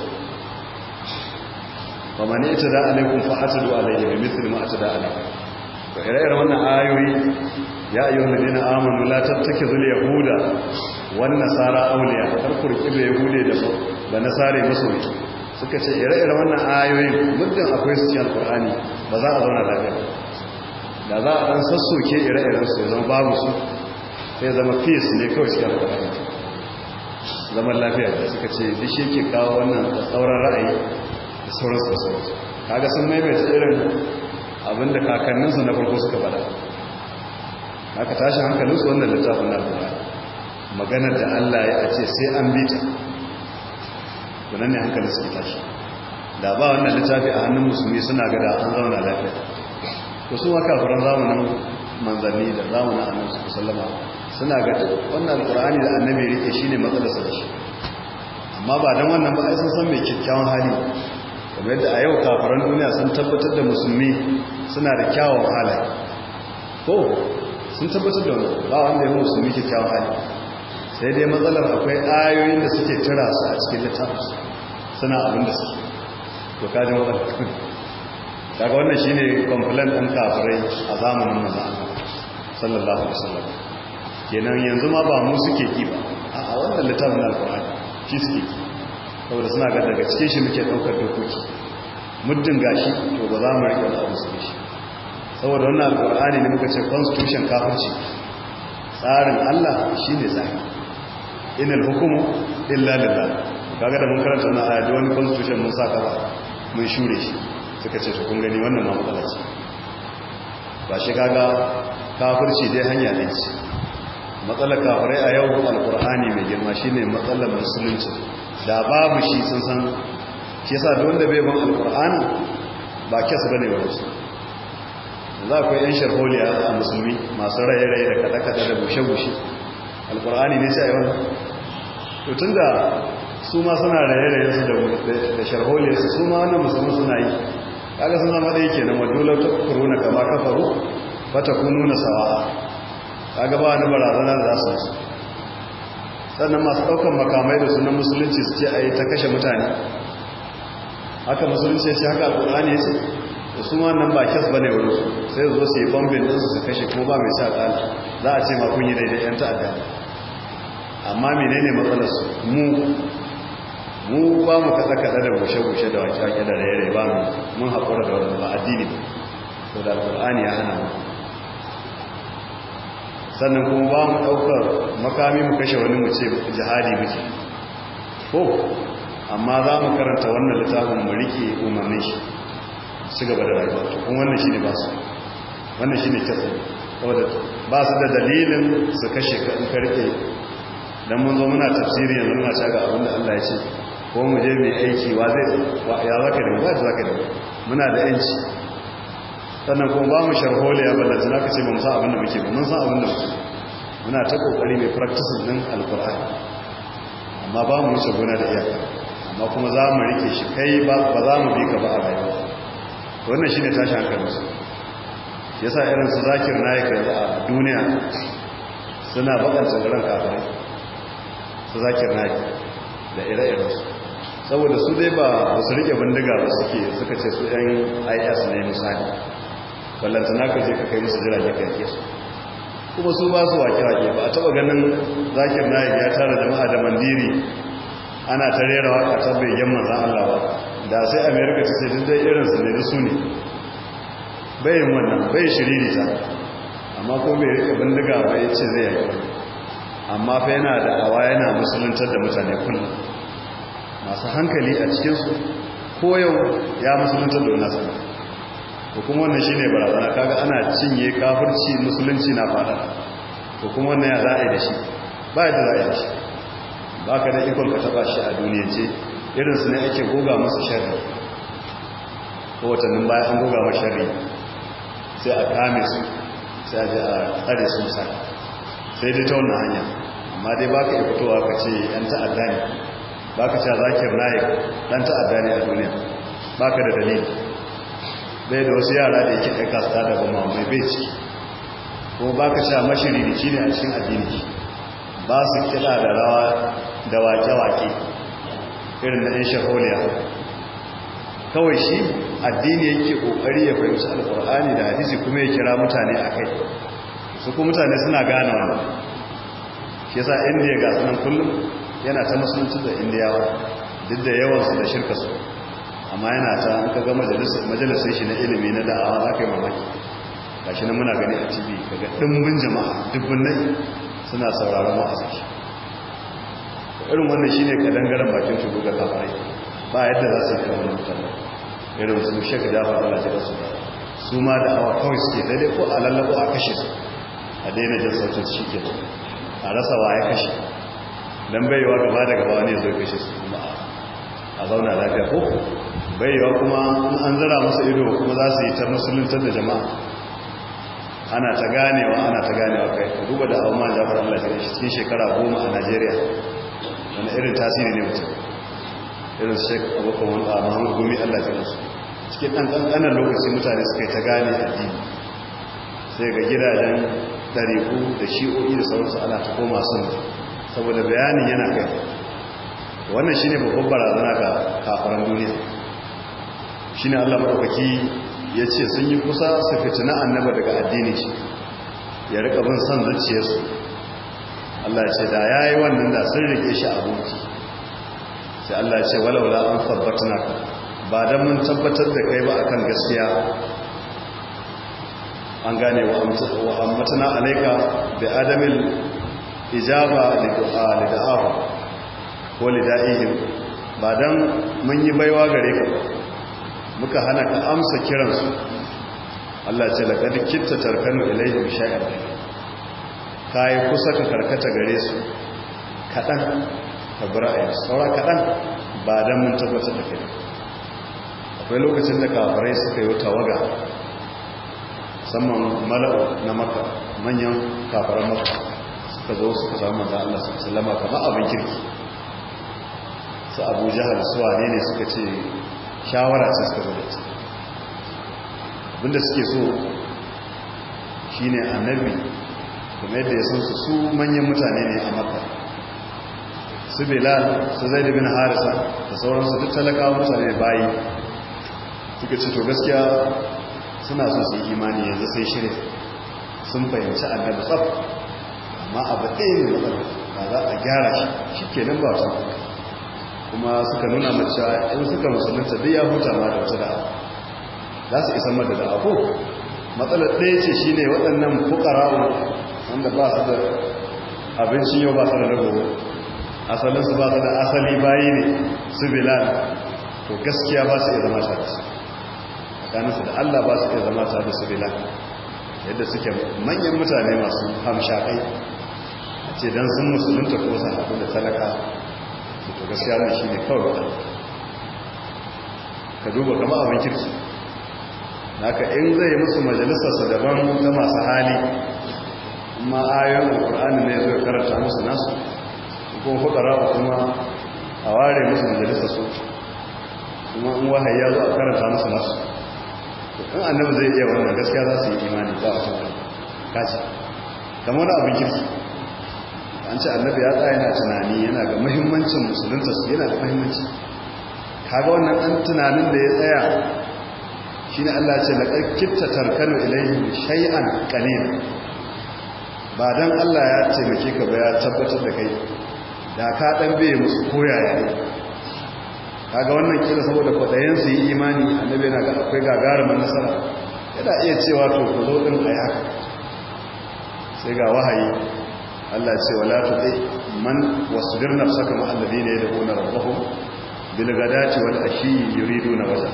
ba ma ne ita da alaikun fa'atadu alaihi bai mitin ta da'a alaihi ba ire-iren wannan ayoyi ya ayyuhun da dina amonu la tattake zuli yahuda wannan sara auliya kurki bai gude da ba nasare masoyi suka ce ire-ire wannan ayoyin muddin akwai su cikin qur'ani ba za a zauna lafiya da za a dan sassoke ire ire su zama babu su sai zama peace ne kawai cikin qur'ani zaman lafiya da suka ce duk shi ke kawo wannan sauran ra'ayi da sauran su kaga sun maimaita irin abinda kakanninsu na farko suka bada haka tashi hankalinsu wannan littafin na qur'ani maganar da Allah ya ce sai an bi ta wannan ne hankali su tashi da ba wannan littafi a hannun musulmi suna ga da an zauna lafiya to su haka furan zamanin manzanni da zamanin annabi sallallahu alaihi wasallam suna ga wannan qur'ani da annabi yake shine matsalar sa shi amma ba dan wannan ba ai sun san me kyakkyawan hali kamar yadda a yau kafaran duniya sun tabbatar da musulmi suna da kyawun halaye ko sun tabbatar da ba wanda ya musulmi kikkiawan hali sai dai matsalar akwai ayoyin da suke tira su a cikin littafin suna abin da suke to kaji matsalar daga wannan shine complaint din kafirai a zamanin nan sallallahu alaihi wasallam kenan yanzu ma ba mu suke ki ba a wannan littafin alqur'ani shi suke ki saboda suna ga daga cikin shi muke daukar dokoki muddin gashi to ba za mu riƙa da su shi saboda wannan alqur'ani ne muka ce constitution kafirci tsarin Allah shine zaki. inal hukumu illa lillah kaga da mun karanta na ayati wani constitution mun saka ba mun shure shi suka ce to kun gani wannan ma matsala ce ba shi kaga kafirci dai hanya ne ce matsalar kafirai a yau alkur'ani mai girma shine matsalar musulunci da babu shi sun san shi yasa da wanda bai ban alkur'ani ba kes bane ba shi za ku yan sharholiya a musulmi masu raye-raye da kada-kada da bushe-bushe alkur'ani ne sai wannan to tunda su ma suna raye-raye su da sharhole su su ma wannan musamman suna yi kaga sun zama ɗaya kenan wadolar ta kuruna kama kafaru ta kunu na sawa'a kaga ba wani barazana da za su sannan masu ɗaukar makamai da sunan musulunci su ce a yi ta kashe mutane haka musulunci ya ce haka alkur'ani ya ce da su wannan ba kes bane wani su sai zo su yi bombin din su kashe ko ba mai sa kala za a ce ma kun yi daidai yan ta'adda amma menene matsalar su mu mu ba mu kasa kada da bushe-bushe da wake ake da raye ba mu mun haƙura da wani ba addini ba so da alƙur'ani ya hana mu sannan kuma ba mu ɗaukar makami mu kashe wani mu ce jihadi muke ko amma za mu karanta wannan littafin mu rike umarni shi ci gaba da rayuwa kun wannan shine ba su wannan shine kasa saboda ba su da dalilin su kashe ka in karke dan mun zo muna tafsiri yanzu muna shaga abin da Allah ya ce ko mu je mai aiki wa zai wa ya zaka da ba zaka da muna da yanci sannan kuma ba mu ya balla zan ka ce ba mu san abin da muke ba mun san abin da muke muna ta kokari mai practices din alqur'ani amma ba mu wuce gona da iyaka amma kuma za mu rike shi kai ba za mu bi ka ba a rayuwa wannan shi ne tashin hankalinsu ya sa irin su zakir na yake a duniya suna bakar tsibirin kafin su zakir na yake da ire-irensu saboda su dai ba su rike bindiga ba suke suka ce su yan is ne misali ballantana na je ka kai musu jira ka su kuma su ba su wake-wake ba a taba ganin zakir na ya tara jama'a da mandiri ana ta rera waka ta begen manzan Allah ba da sai america ta sai dai su ne su ne Bai yin wannan bai shiriri ta. amma ko mai rika bindiga ba ya ce zai yi amma fa yana da awa yana musuluntar da mutane kullum masu hankali a cikinsu ko yau ya musuluntar da wani sana ko kuma wannan shi ne barazana kaga ana cinye kafirci musulunci na fada ko kuma wannan ya za'a da shi ba ya da za'a da shi ba ka da ikon ka taba shi a ce. irin su ne ake goga musu shari ko watannin baya an goga masu shari sai a kame su sai a tsari a sa sai dai ta wannan hanya amma dai baka yi fitowa ka ce yan ta'adda ne baka ce zakiyar layi dan ta'adda ne a duniya baka da dalili bai da wasu yara da yake ɗaika su tada ba mai bai ci ko baka ce mashiririci ne a cikin addini ba su kiɗa da rawa da wake-wake irin na 'yan shaholiya kawai shi addini yake ƙoƙari ya fahimci alkur'ani da hadisi kuma ya kira mutane a kai su kuma mutane suna gane wani shi yasa indiya ga sunan kullum yana ta musulunci da indiyawa duk da yawansu da shirka su amma yana ta an ka ga majalisar shi na ilimi na da'awa za ka yi mamaki shi na muna gani a tv kaga dimbin jama'a dubbin nai suna sauraron wa'azin irin wannan shine kadangaren bakin su ga kafai ba yadda za su yi kamar mutane irin su shek da ba za su su ma da hawa kawai suke daidai ko a lallabo a kashe su a daina jin sautin shi ke a rasa wa ya kashe dan baiwa gaba da gaba ne zai kashe su kuma a zauna lafiya ko baiwa kuma an zira musu ido kuma za su yi ta musuluntar da jama'a ana ta ganewa ana ta ganewa kai duba da hawa ma jafar Allah ya cikin shekara goma a Najeriya wani irin tasiri ne mutum irin shek abokan wani a mahamud gumi allah ta nasu cikin ɗan ɗanɗanar lokaci mutane suka yi ta gane addini sai ga gidajen ɗariku da shi'o'i da sauransu ana ta koma sun saboda bayanin yana kai wannan shi ne babban barazana ga kafaran duniya shi ne allah maɗaukaki ya ce sun yi kusa su fitina annaba daga addini shi ya riƙa bin son zuciyarsu Allah ya ce da ya yi wannan da sun rike shi abinci sai Allah ya ce walaula an tabbatna ba don mun tabbatar da kai ba akan gaskiya an gane wa ammatana alaika bi adamil ijaba li du'a li ko li da'ihim ba dan mun yi baiwa gare ka muka hana ka amsa kiransu Allah ce laqad kitta tarkanu ilayhim shay'an ka yi kusa ka karkata gare su kaɗan ka a ra'ayi saura kaɗan ba don mun tabbatar da kai akwai lokacin da kafirai suka yi wuta waga saman mala'u na maka manyan kafaran maka suka zo suka samu manzan Allah su salama kama abin kirki su abu jihar suwa ne ne suka ce shawara su suka zuwa da abinda suke so shine annabi kuma yadda ya san su su manyan mutane ne a makka su bilal su zai bin harisa da sauransu duk talaka mutane bayi suka ce gaskiya suna so su imani yanzu sai shirin sun fahimci annabi tsaf amma abu ɗaya ne matsala ba za a gyara shi shi nan ba su. kuma suka nuna mace in suka musulunta duk ya huta ma da wata da'a za su isa mada da'a ko matsalar ɗaya ce shine waɗannan fukara'u inda ba su da abincin yau ba su da asalin asalinsu ba su da asali bayi ne su bilal to gaskiya ba su iya zama tare su tsakaninsu da allah ba su iya zama tare su bilal yadda suke manyan mutane masu hamshakai a ce don sun musulunta ko su haɗu da talaka to gaskiya mai shi ne kawai wata ka duba kama abin kirki haka in zai musu majalisarsa daban ta masu hali ma ayoyin alkur'ani ne zai karanta musu nasu kuma fukara kuma a ware musu majalisa su kuma in wahayi ya zo a karanta musu nasu in annabu zai iya wannan gaskiya za su yi imani ba a cikin kaci kamar wani abin kirki an ce annabu ya tsaye yana tunani yana ga muhimmancin musulunta su yana da muhimmanci kaga wannan an tunanin da ya tsaya shine Allah ya ce laqad kitta tarkanu ilayhi shay'an qalil ba don Allah ya taimake ka ba ya tabbatar da kai da ka ɗan biye musu yi. ne kaga wannan kira saboda kwaɗayen su yi imani annabi yana ga akwai gagarumin nasara yana iya cewa to ku zo ɗin a yaka sai ga wahayi Allah ce wala tuɗe man wasu ne da ma alladhina yad'una rabbahum bil ghadati wal ashi duna wajha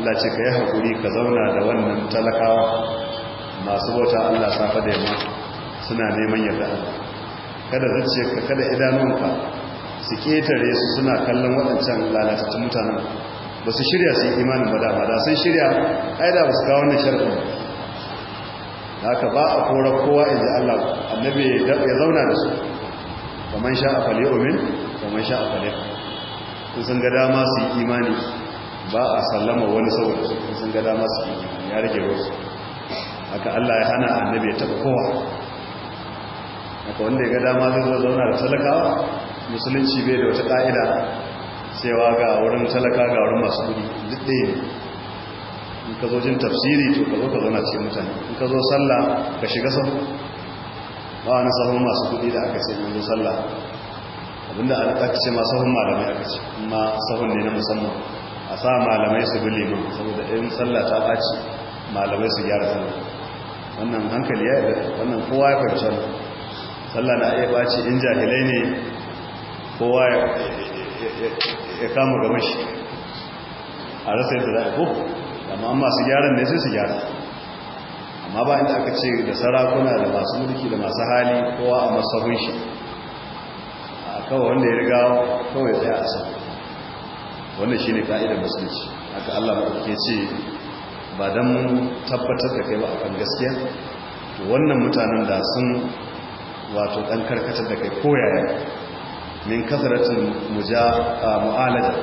Allah ce ka yi hakuri ka zauna da wannan talakawa masu bauta Allah safa da yamma suna neman yarda kada zuciyarka kada idanunka su ketare su suna kallon waɗancan lalatattun mutanen ba su shirya su yi imanin ba dama da sun shirya aida ba su kawo wannan sharfin da haka ba a kora kowa in ji Allah annabi ya zauna da su kamar sha a fale omen kamar sha a in sun ga dama su yi imani ba a sallama wani saboda su sun ga dama su yi imani ya rage wasu haka Allah ya hana annabi ya taɓa kowa haka wanda ya ga dama zai zo zauna da talakawa musulunci bai da wata ka'ida cewa ga wurin talaka ga wurin masu guri duk ne in ka zo jin tafsiri to ka zo ka zauna cikin mutane in ka zo sallah ka shiga sahu ba na sahu masu guri da aka ce mun zo sallah abinda aka ce ma sahun malamai aka ce kuma sahun ne na musamman a sa malamai su bi liman saboda in sallah ta ɓaci malamai su gyara sallah wannan hankali ya yi wannan kowa ya fahimci sallah na iya ɓaci in jahilai ne kowa ya kama gaban shi a rasa yadda za a ko amma masu gyaran ne sai su gyara amma ba inda aka ce da sarakuna da masu mulki da masu hali kowa a masarun shi a kawai wanda ya riga kawai tsaye a sa wanda shi ne ka'idar musulunci aka allah ke ce ba don tabbatar da kai ba kan gaskiya wannan mutanen da sun wato ɗan karkatar da kai koyaya min kasaratin mu'alaja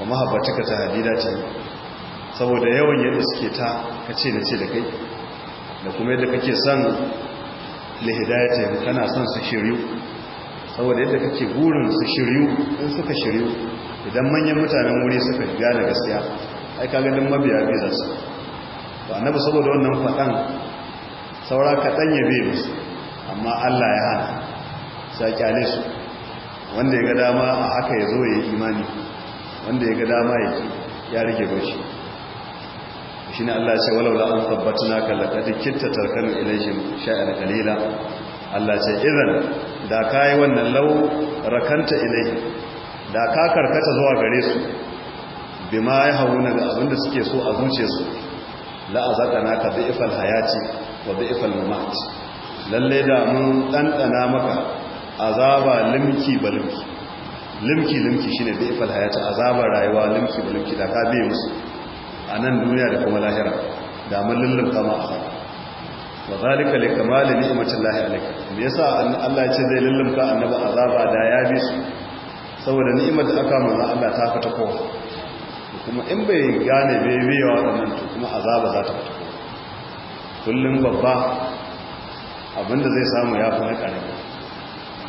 wa mahabbatika ta hadida ce saboda yawan yadda suke ta kace na ce da kai da kuma yadda kake son lihidayata kana son su shiryu saboda yadda kake burin su shiryu in suka shiryu idan manyan mutanen wuri suka shiga da gaskiya ai kaga din mabiya bizansu to annabi saboda wannan faɗan, saura kaɗan ya bai musu amma Allah ya hana sai kyale su wanda ya ga dama a haka ya zo ya yi imani wanda ya ga dama ya ki ya rike bashi shi ne Allah ya ce walau an tabbatuna ka laqad kitta tarkanu ilayhim sha'ar qalila Allah ya ce idan da kai wannan lau rakanta ilai, da ka karkata zuwa gare su bima ya abin da abinda suke so a zuciyarsu la na ka bi ifal hayati wa bi ifal mamati lalle da mun ɗanɗana maka azaba limki ba limki limki limki shine da ifal hayata azaba rayuwa limki ba limki da ka bai musu a nan duniya da kuma lahira da mun lullunta ma azaba wa zalika li kamali ni'matin lahi alayka me yasa Allah ya ce zai lullunta annaba azaba da ya bi su saboda ni'imar da aka manzo Allah ta fata kowa kuma in bai gane bai biya wannan to kuma azaba za ta fata kowa kullum babba abinda zai samu ya fi na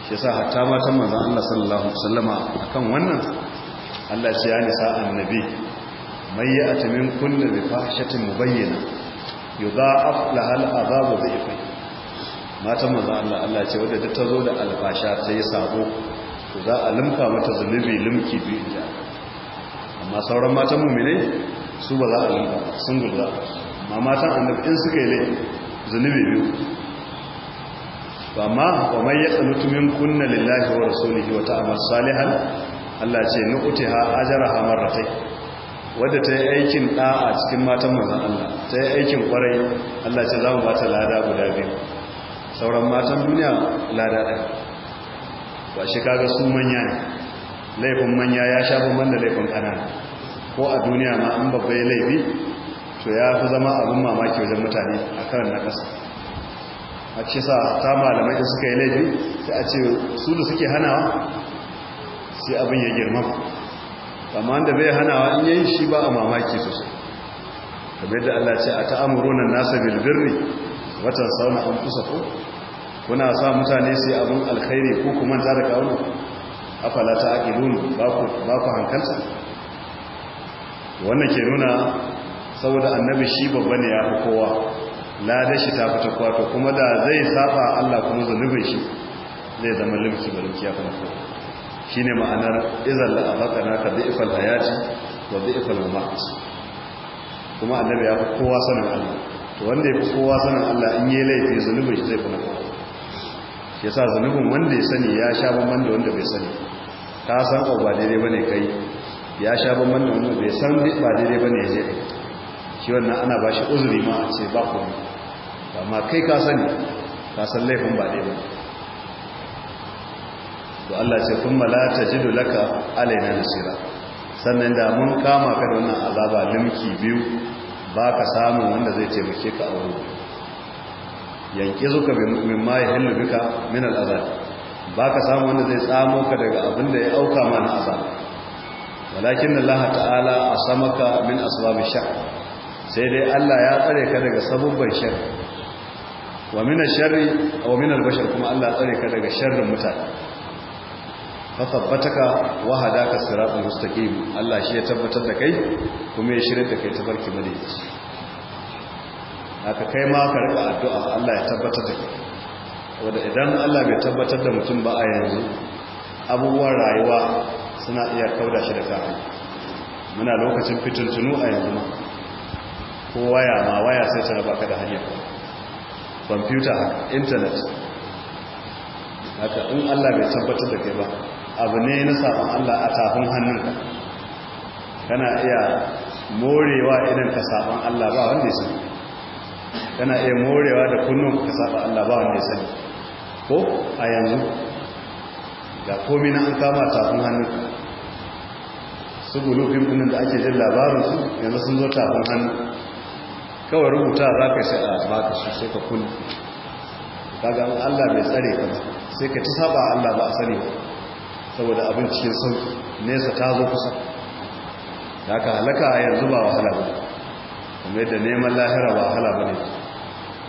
shi sa hatta matan manzan Allah sallallahu Alaihi wasallama a kan wannan Allah ce ya nisa annabi mai yi a tamin kulle bi fashatin mu bayyana yi za a lahal azabu zai ifai matan manzan Allah Allah ce wadda duk ta zo da alfasha ta yi sabo ku za a limfa mata zunubi limki biyu da amma sauran matan mummine su ba za a limfa sun gurza amma matan annabi in suka yi zunubi biyu to amma wa ya tsanutu min kunna lillahi wa rasulihi wa ta'amar salihan Allah ce nuqtiha ajraha ratai. wadda ta yi aikin ɗa'a cikin matan manzon Allah ta yi aikin kwarai Allah ce za mu ba ta lada guda biyu sauran matan duniya lada ɗaya ba shi kaga sun manya ne laifin manya ya sha man da laifin ƙanana ko a duniya ma an babba ya laifi to ya fi zama abin mamaki wajen mutane a karan na ƙasa a ce sa ta malamai da suka yi laifi sai a ce su da suke hanawa sai abin ya girma amma da bai hanawa in yi shi ba a mamaki sosai kamar da Allah ce a nan nasa bil birri watan sauna an kusa ko kuna sa mutane su abin alkhairi ko kuma ta da kawo afala ta aqilun ba ku ba ku hankalta wannan ke nuna saboda annabi shi babba ne ya fi kowa lada shi ta fita kwato kuma da zai saba Allah kuma zunubin shi zai zama limki ba limki ya kuma ko shi ne ma'anar izal la abaka na ka da'ifal hayati wa da'ifal mamat kuma annabi ya kowa sanin Allah to wanda ya fi kowa sanin Allah in yi laifi zunubin shi zai kuma ko shi yasa zunubin wanda ya sani ya sha bamban da wanda bai sani ka san ko ba daidai bane kai ya sha bamban da wanda bai san ba daidai bane ya je shi wannan ana ba shi uzuri ma a ce ba kuma amma kai ka sani ka san laifin ba dai ba to Allah ce kuma la tajidu laka alaina nasira sannan da mun kama ka da wannan azaba limki biyu ba ka samu wanda zai taimake ka a yanki zuka bi mu'min ma yahillu bika min al'azab ba ka samu wanda zai tsamo ka daga abin da ya auka mana na azab walakin Allah ta'ala asamaka min asbabish shar sai dai Allah ya tsare ka daga sabubban shar wa min sharri wa min al-bashar kuma Allah tsare ka daga sharrin mutane fa tabbataka wa hadaka siratal mustaqim Allah shi ya tabbatar da kai kuma ya shirye da kai tabarki madaidaici haka kai ma ka rika addu'a Allah ya tabbatar da kai wanda idan Allah bai tabbatar da mutum ba a yanzu abubuwan rayuwa suna iya kauda shi da kafin muna lokacin fitintunu a yanzu kowa ko ma waya sai ta raba ka da hanyar computer intanet haka in allah bai tabbatar da kai ba abu ne na sabon allah a tafin hannunka kana iya morewa idan ka sabon allah ba wanda ya sani kana iya morewa da kunnun ka sabon allah ba wanda ya sani ko a yanzu ga komai na an kama tafin hannunka su gulufin ɗinin da ake jin su yanzu sun zo tafin hannu kawai rubuta za ka sai a ka su sai ka kuni kaga an Allah bai tsare ka sai ka ci saba Allah ba a sani ba saboda abin cikin sauki nesa ta zo kusa ka halaka yanzu ba wahala ba kuma yadda neman lahira ba wahala ba ne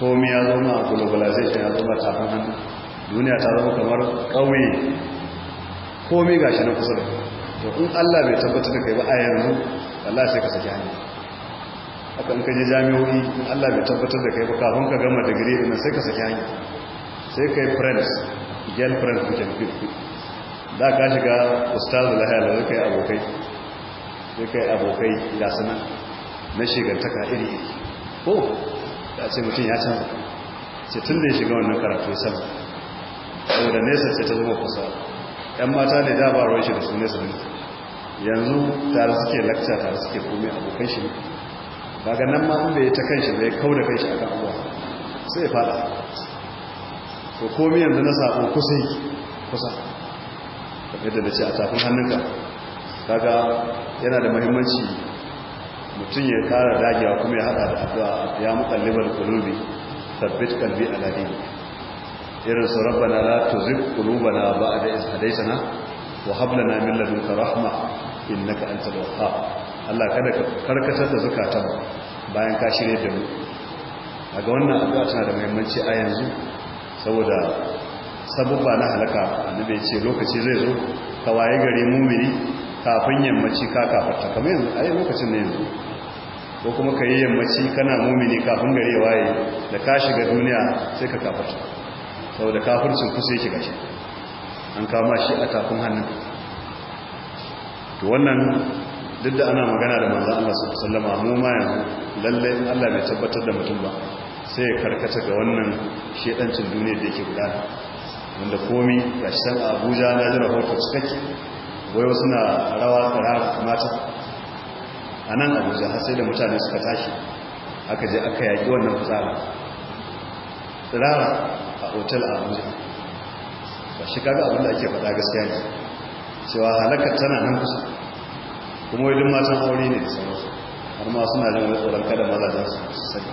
komi ya zo ma globalization ya zo ma tafin hannu duniya ta zama kamar ƙauye komi shi na kusa da to in Allah bai tabbatar da kai ba a yanzu Allah sai ka saki hannu a in ka jami'o'i Allah bai tabbatar da kai ba kafin ka gama digiri ina sai ka saki hanyar. sai kai friends girl friends kuke da ka shiga ustazu lahaya da kai abokai sai kai abokai ga sana na shigantaka iri iri ko da ce mutum ya canza ce tun da ya shiga wannan karatu sam saboda nesa sai ta zama kusa yan mata ne da ba ruwan shi da su nesa ne yanzu tare suke lakta tare suke komai abokan shi ne kaga nan ma inda ya ta kanshi bai kauda kanshi akan abuwa sai ya fada ko komi yanzu na sako kusa yake kusa yadda da ce a tafin hannunka kaga yana da muhimmanci mutum ya kara dagewa kuma ya hada da addu'a ya muqallibal kulubi thabbit kalbi a ladi irin su rabbana la ba qulubana ba'da na hadaytana wa hab lana min ladunka rahma innaka antal wahhab Allah kada ka karkatar da zakatan bayan ka shirye da mu daga wannan addu'a tana da muhimmanci a yanzu saboda sabubba na halaka annabi ya ce lokaci zai zo ka waye gari mumini kafin yammaci ka kafarta kamar yanzu a lokacin ne yanzu ko kuma ka yi yammaci kana mumini kafin gare waye da ka shiga duniya sai ka kafarta saboda kafircin kusa yake gashi an kama shi a tafin hannun to wannan duk da ana magana da manzan Allah su sallama mu ma yanzu lalle Allah bai tabbatar da mutum ba sai ya karkata ga wannan shedancin duniya da yake gudana wanda komi ga shi san Abuja na hoto rahoto cikakke wai wasu na rawa tsara mata a nan Abuja har sai da mutane suka tashi aka je aka yaƙi wannan tsara. tsirara a otal a Abuja ba shi kaga abin da ake faɗa gaskiya ne cewa halakar tana nan kusa kuma wajen matan aure ne da sauransu har ma suna jin wani tsoron kada maza su su sani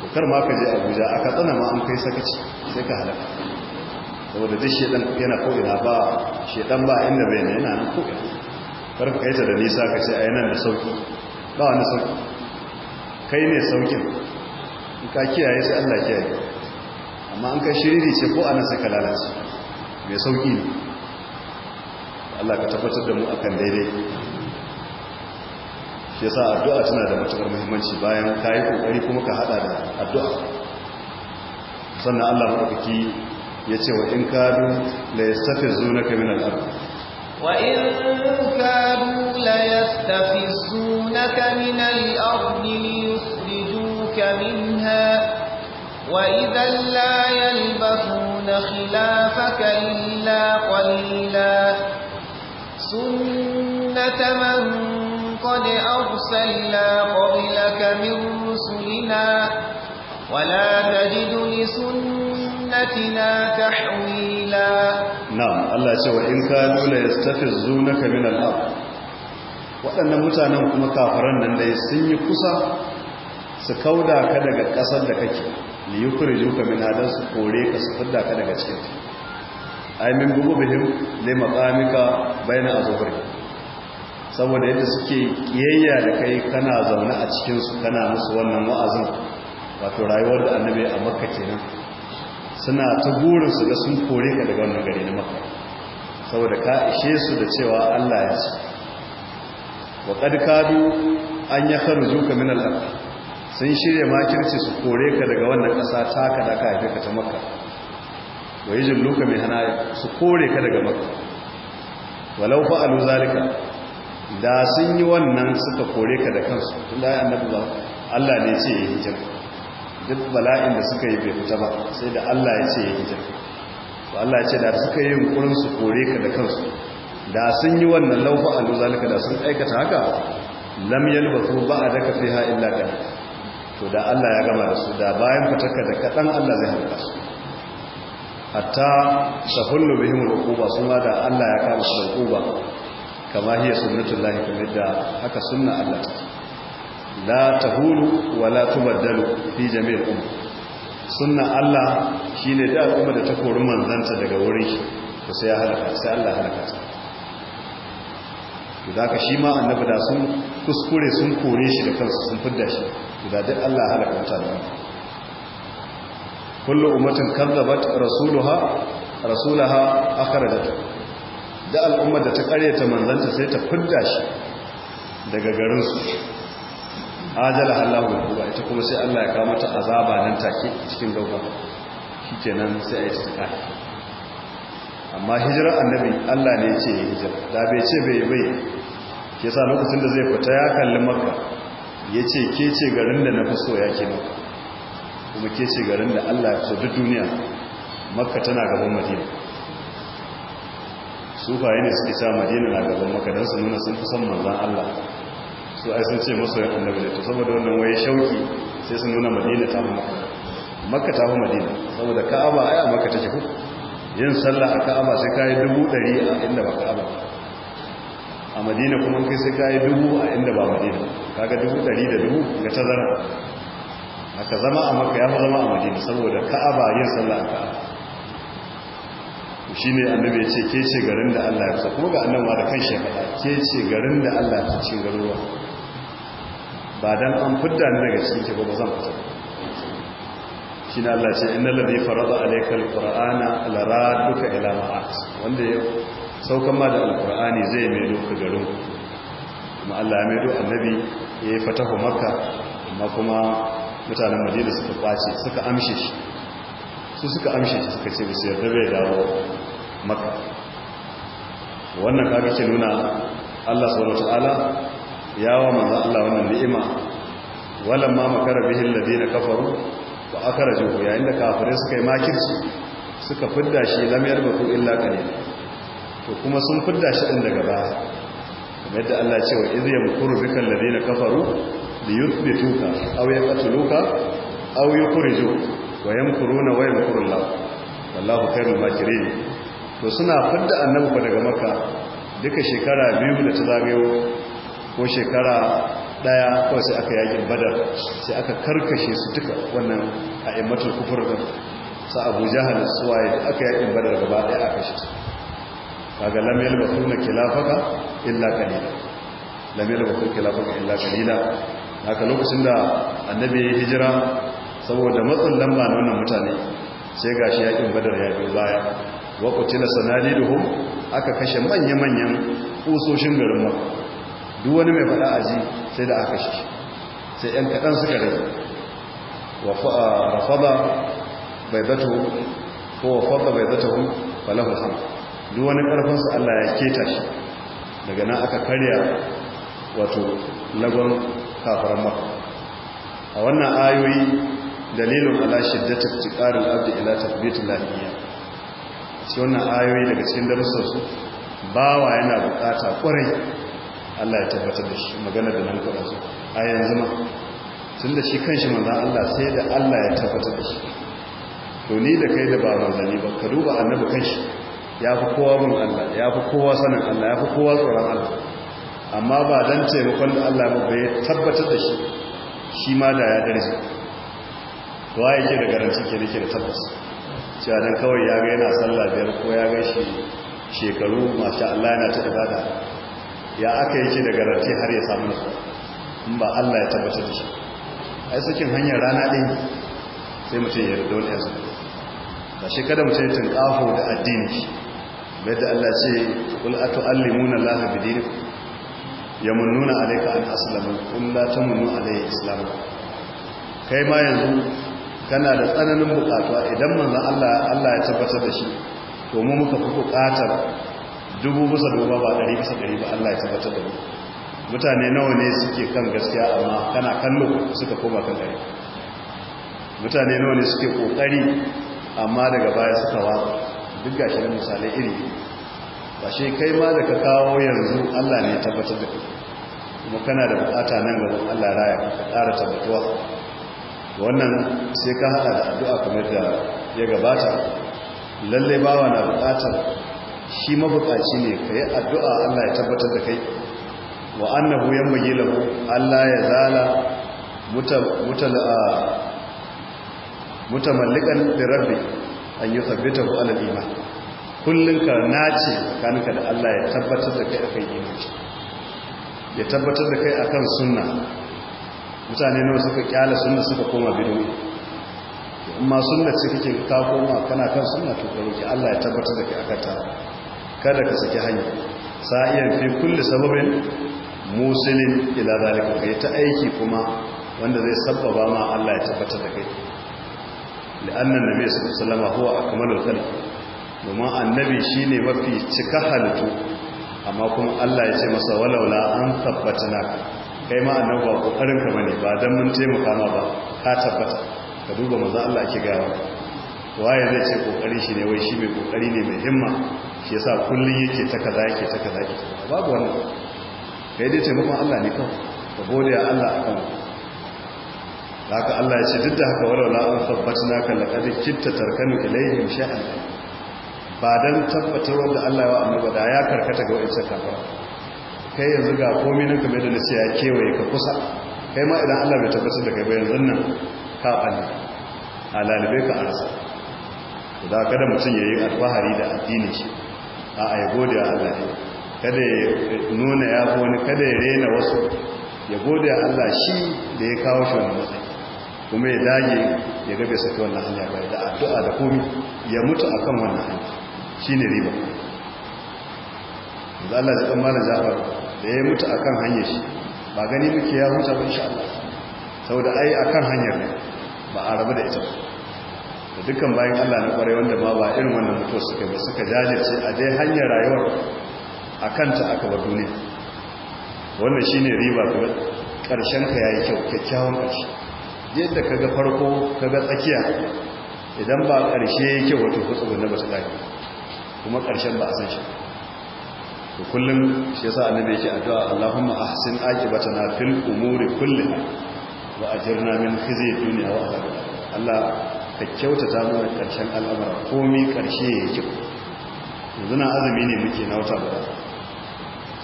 dokar ma ka je abuja aka tsana ma an kai sakaci sai ka halaka saboda duk shedan yana ko'ina ba shedan ba inda bai na yana nan ko'ina kar kai ta da nisa ka ce a nan da sauki ba wani sauki kai ne saukin in ka kiyaye sai allah kiyaye amma an kai shiriri ce ko ana sai ka lalace mai sauki ne Allah ka tabbatar da mu akan daidai shi yasa addu'a tana da matukar muhimmanci bayan kayi kokari kuma ka hada da addu'a sannan Allah madaukaki ya ce wa in kadu la yastafizunaka min al-ard wa in kadu la yastafizunaka min al-ard liyukhrijuka minha wa idhan la yalbathuna khilafaka illa qalila سنة من قد أرسلنا قبلك من رسلنا ولا تجد لسنتنا تحويلا نعم الله سوى إن كانوا ليستفزونك من الأرض waɗannan mutanen kuma kafaran nan dai sun yi kusa su kauda ka daga ƙasar da kake liyukuri juka min su kore ka su ka daga cikin ai min bihim le maqamika bayna azfar saboda yadda suke kiyayya da kai kana zaune a cikin su kana musu wannan wa'azin wato rayuwar da annabi a makka kenan suna ta burin su ga sun kore ka daga wannan gari na makka saboda ka ishe su da cewa Allah ya ce wa qad kadu an yakhrujuka min al-ard sun shirye makirci su kore ka daga wannan ƙasa taka kada ka haife ka ta makka wa yi luka mai hana su kore ka daga maka walau fa'alu zalika da sun yi wannan suka kore ka da kansu tun da ya annabu ba Allah ne ce ya hijira duk bala'in da suka yi bai fita ba sai da Allah ya ce ya hijira Ba Allah ya ce da suka yi yunkurin su kore ka da kansu da sun yi wannan lau fa'alu zalika da sun aikata haka lam a ba'daka fi illa qalil to da Allah ya gama da su da bayan fitarka da kaɗan Allah zai halaka su hatta sahullu bihim al-uquba su ma da Allah ya kama su uquba kama hiya lahi kuma da haka sunna Allah la tahulu wa la tubaddalu fi jami'il umm sunna Allah shine da al'umma da ta kori manzanta daga wurin shi to sai ya halaka sai Allah halaka ta to da ka shi ma annabi da sun kuskure sun kore shi da kansu sun fidda shi to da duk Allah halaka ta. kullu ummatin kazzabat rasuluha rasulaha akhrajat da al'ummar da ta karyata manzanta sai ta fidda shi daga garin su ajala Allahu kuba ita kuma sai Allah ya kawo mata azaba nan take cikin gaugawa shikenan sai ayi tsaka amma hijirar annabi Allah ne ya ce hijira da bai ce bai bai ke sa lokacin da zai fita ya kalli makka ya ce ke ce garin da na fi so ya ke maka kuma ke ce garin da Allah ya so duniya makka tana gaban madina su sufaye ne suke sa madina na gaban makka don su nuna sun fi son manzan Allah su ai sun ce masu yan annabi da saboda wannan waye shauki sai sun nuna madina ta makka makka ta fi madina saboda ka'aba ai a makka take ku yin sallah a ka'aba sai kayi dubu ɗari a inda ba ka'aba a madina kuma kai sai kayi dubu a inda ba madina kaga dubu ɗari da dubu ga tazara haka zama a maka ya fi zama a madina saboda ka'aba yin sallah a ka'aba shi ne annabi ya ce ke ce garin da allah ya fi kuma ga annabawa da kan shekara ke ce garin da allah ya fi cin garuwa ba don an fudda ni daga cikin ba zan fita shi ne allah ce inna ladhi farada alayka lara duka ila ma'at wanda ya saukan ma da alqur'ani zai mai duka garin kuma allah ya duka annabi ya yi fatahu maka amma kuma mutanen madina suka kwace suka amshe shi su suka amshe shi suka ce da su yadda bai dawo maka wannan kaga ke nuna Allah subhanahu wataala ya wa manzo Allah wannan ni'ima wala ma makara bihi na kafaru kara akhrajuhu yayin da kafare suka yi makirci suka fidda shi lamiyar yarbatu illa qalil to kuma sun fidda shi ɗin daga ba kamar yadda Allah ya ce wa mukuru bikan lade na kafaru liyuthbituka aw yaqtuluka aw yukhrijuk wa yamkuruna wa yamkurullah wallahu khairul makirin to suna fadda annabi ba daga makka duka shekara biyu da ta zagayo ko shekara daya kawai sai aka yaki badar sai aka karkashe su duka wannan a'immatul kufur din sa Abu Jahal suwaye da aka yaki badar gaba daya aka shi kaga lam yalbasuna khilafaka illa qalila lam yalbasu khilafaka illa qalila haka lokacin da annabi ya hijira saboda matsin lamba na wannan mutane sai ga shi yakin badar ya biyo baya wa sanadi sanadiduhum aka kashe manya-manyan kusoshin garin ma duk wani mai fada aji sai da aka shi sai ɗan kaɗan suka rai wa fada baibatuhu ko wa fada baibatuhu falahu sam duk wani ƙarfin Allah ya keta shi daga nan aka karya wato lagon kafaran maka a wannan ayoyi dalilin ala shiddatar tikarin abdi ila tabbitin lafiya shi wannan ayoyi daga cikin su bawa yana bukata kwarai Allah ya tabbatar da shi magana da nan kwarai su a yanzu ma tun da shi kan shi manzan Allah sai da Allah ya tabbatar da shi to ni da kai da ba manzanni ba ka duba annabi kan shi ya fi kowa mun Allah ya fi kowa sanin Allah ya fi kowa tsoron Allah amma ba dan taimakon da Allah ba bai tabbatar da shi shi ma da ya to ya yake da garanci ke ke da tabbas cewa don kawai ya ga yana sallah biyar ko ya ga shi shekaru masu Allah yana ta ibada ya aka yake da garanci har ya samu nasuwa in ba Allah ya tabbatar da shi ai sakin hanyar rana ɗin sai mutum ya yarda wani yanzu ba shi kada mutum ya tunƙafo da addini shi bai da Allah ce kul atu allimuna laha Yamun nuna alaika an aslama kullu ta munnu alaihi islam kai ma yanzu kana da tsananin bukatuwa idan manzon Allah Allah ya tabbatar da shi to mu muka fi bukatar dubu bisa dubu ba ɗari bisa ɗari ba Allah ya tabbatar da mu mutane nawa ne suke kan gaskiya amma kana kallo suka koma kan ɗari mutane nawa ne suke ƙoƙari amma daga baya suka wa duk gashi misalai iri ba shi kai ma da ka kawo yanzu Allah ne ya tabbatar da kai kuma kana da bukata nan gaban Allah raya ka ƙara tabbatuwa wannan sai ka hada da addu'a kamar da ya gabata lalle bawa na bukatar shi mabukaci ne kai addu'a Allah ya tabbatar da kai wa annahu yanbaghi lahu Allah ya zala mutamallikan lirabbi an yi sabbita ku ala iman kullum ka nace kanka da Allah ya tabbatar da kai akan imani ya tabbatar da kai akan suna mutane nawa suka kyala suna suka koma bidoyi amma suna ce kake ta koma kana kan suna to ka Allah ya tabbatar da kai a kata kada ka saki hanyar sa'iyan fi kulle sababin musulin ila ka kai ta aiki kuma wanda zai sababa ma Allah ya tabbatar da kai li'annan nabi sallallahu alaihi salama huwa akmalul khalq domin annabi shine mafi cika halittu amma kuma Allah ya ce masa walaula an tabbatana kai ma annan ba kokarin ka bane ba dan mun taimaka ma ba ka tabbata ka duba maza Allah ke gawa waye zai ce kokari shi ne wai shi mai kokari ne mai himma shi yasa kullun yake ta kaza yake ta kaza yake babu wannan kai dai taimakon Allah ne kawai ka gode a Allah akan haka Allah ya ce duk da haka walaula an na kan laqad kitta tarkanu ilayhim sha'an ba don tabbatar wanda Allah ya annaba da ya karkata ga wa'in saka ba kai yanzu ga komi nan kamar da nasiya kewaye ka kusa kai ma idan Allah bai tabbatar da kai ba yanzu nan ka bani a lalibe ka arsa da kada mutum ya yi alfahari da addini shi a a ya gode Allah ne kada ya nuna ya wani kada ya rena wasu ya gode Allah shi da ya kawo shi wani matsayi kuma ya dage ya gabe saki wannan hanya bai da addu'a da komi ya mutu akan wannan hanya Shi ne riba da Allah ya kammala Jafar da ya mutu akan hanyar shi ba gani muke ya huta ba insha Allah saboda ai akan hanyar ne ba a rabu da ita da dukkan bayan Allah na kwarai wanda ba ba irin wannan mutu suka ba suka jajirce a dai hanyar rayuwar akan ta aka ba duniya wannan shine riba kuma karshen ka yayi kyau kyakkyawan karshe yadda kaga farko kaga tsakiya idan ba karshe yake wato kutsu na su dai kuma ƙarshen ba a san shi to kullum shi yasa annabi yake addu'a Allahumma ahsin aqibatana fil umuri kulliha wa ajirna min khizi dunya wa akhirah Allah ka kyautata mana ƙarshen al'amura komai ƙarshe ya kyau yanzu na azumi ne muke na wata guda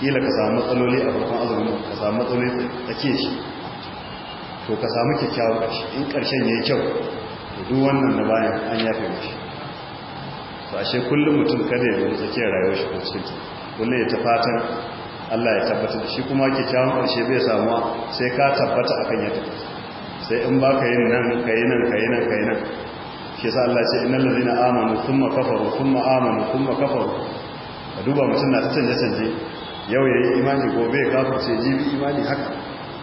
kila ka samu matsaloli a farkon azumin ka samu matsaloli tsake shi to ka samu kyakkyawar ƙarshe in ƙarshen ya yi kyau to duk wannan na bayan an yafe mashi to ashe kullum mutum kada ya yi tsakiyar rayuwar shi cikin kullum ya ta fatan Allah ya tabbata shi kuma ke kyawun ƙarshe bai samuwa sai ka tabbata a kan yadda sai in ba ka yi nan ka yi nan ka yi nan ka yi nan shi sa Allah ce innal ladina amanu ma kafaru thumma amanu ma kafaru a duba mutum na canje canje yau ya yi imani gobe sai jibi imani haka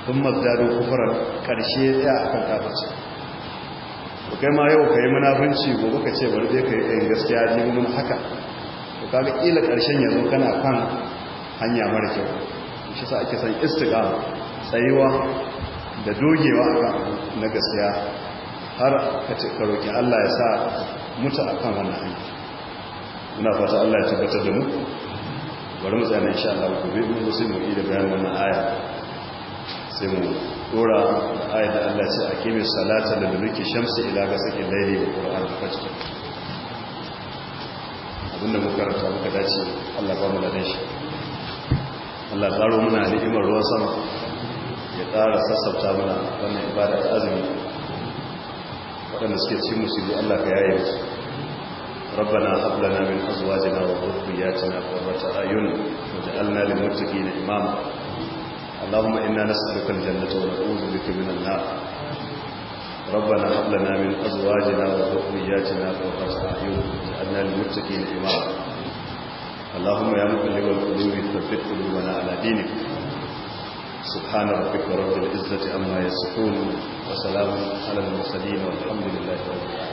thumma zadu kufran karshe ya akan kafirce kai ma yau ka yi munafunci gobe ka ce bari dai kai yi gaskiya ji mun haka to kaga ila karshen yanzu kana kan hanya mara kyau shi sa ake san tsayuwa da dogewa na gaskiya har ka ce ka roki Allah ya sa mutu akan wannan hanya muna fata Allah ya tabbatar da mu bari mu tsaya insha Allah gobe mu musulmi da bayanan wannan aya sai mu dora ayat da Allah ce aqimi salata da duluki shamsi ila gasakin laili da qur'an fajr abinda muka karanta muka dace Allah ba mu da shi Allah karo muna ni'imar ruwan sama ya tsara sassauta mana wannan ibada ta azumi waɗanda suke cikin musulmi Allah ka yaye musu ربنا هب لنا من ازواجنا وذرياتنا قرة اعين واجعلنا للمتقين اماما اللهم إنا نسألك الجنة ونعوذ بك من النار ربنا هب لنا من أزواجنا وذرياتنا قرة أعين واجعلنا للمتقين إماما اللهم يا مقلب القلوب ثبت قلوبنا على دينك سبحان ربك رب العزة عما يصفون وسلام على المرسلين والحمد لله رب العالمين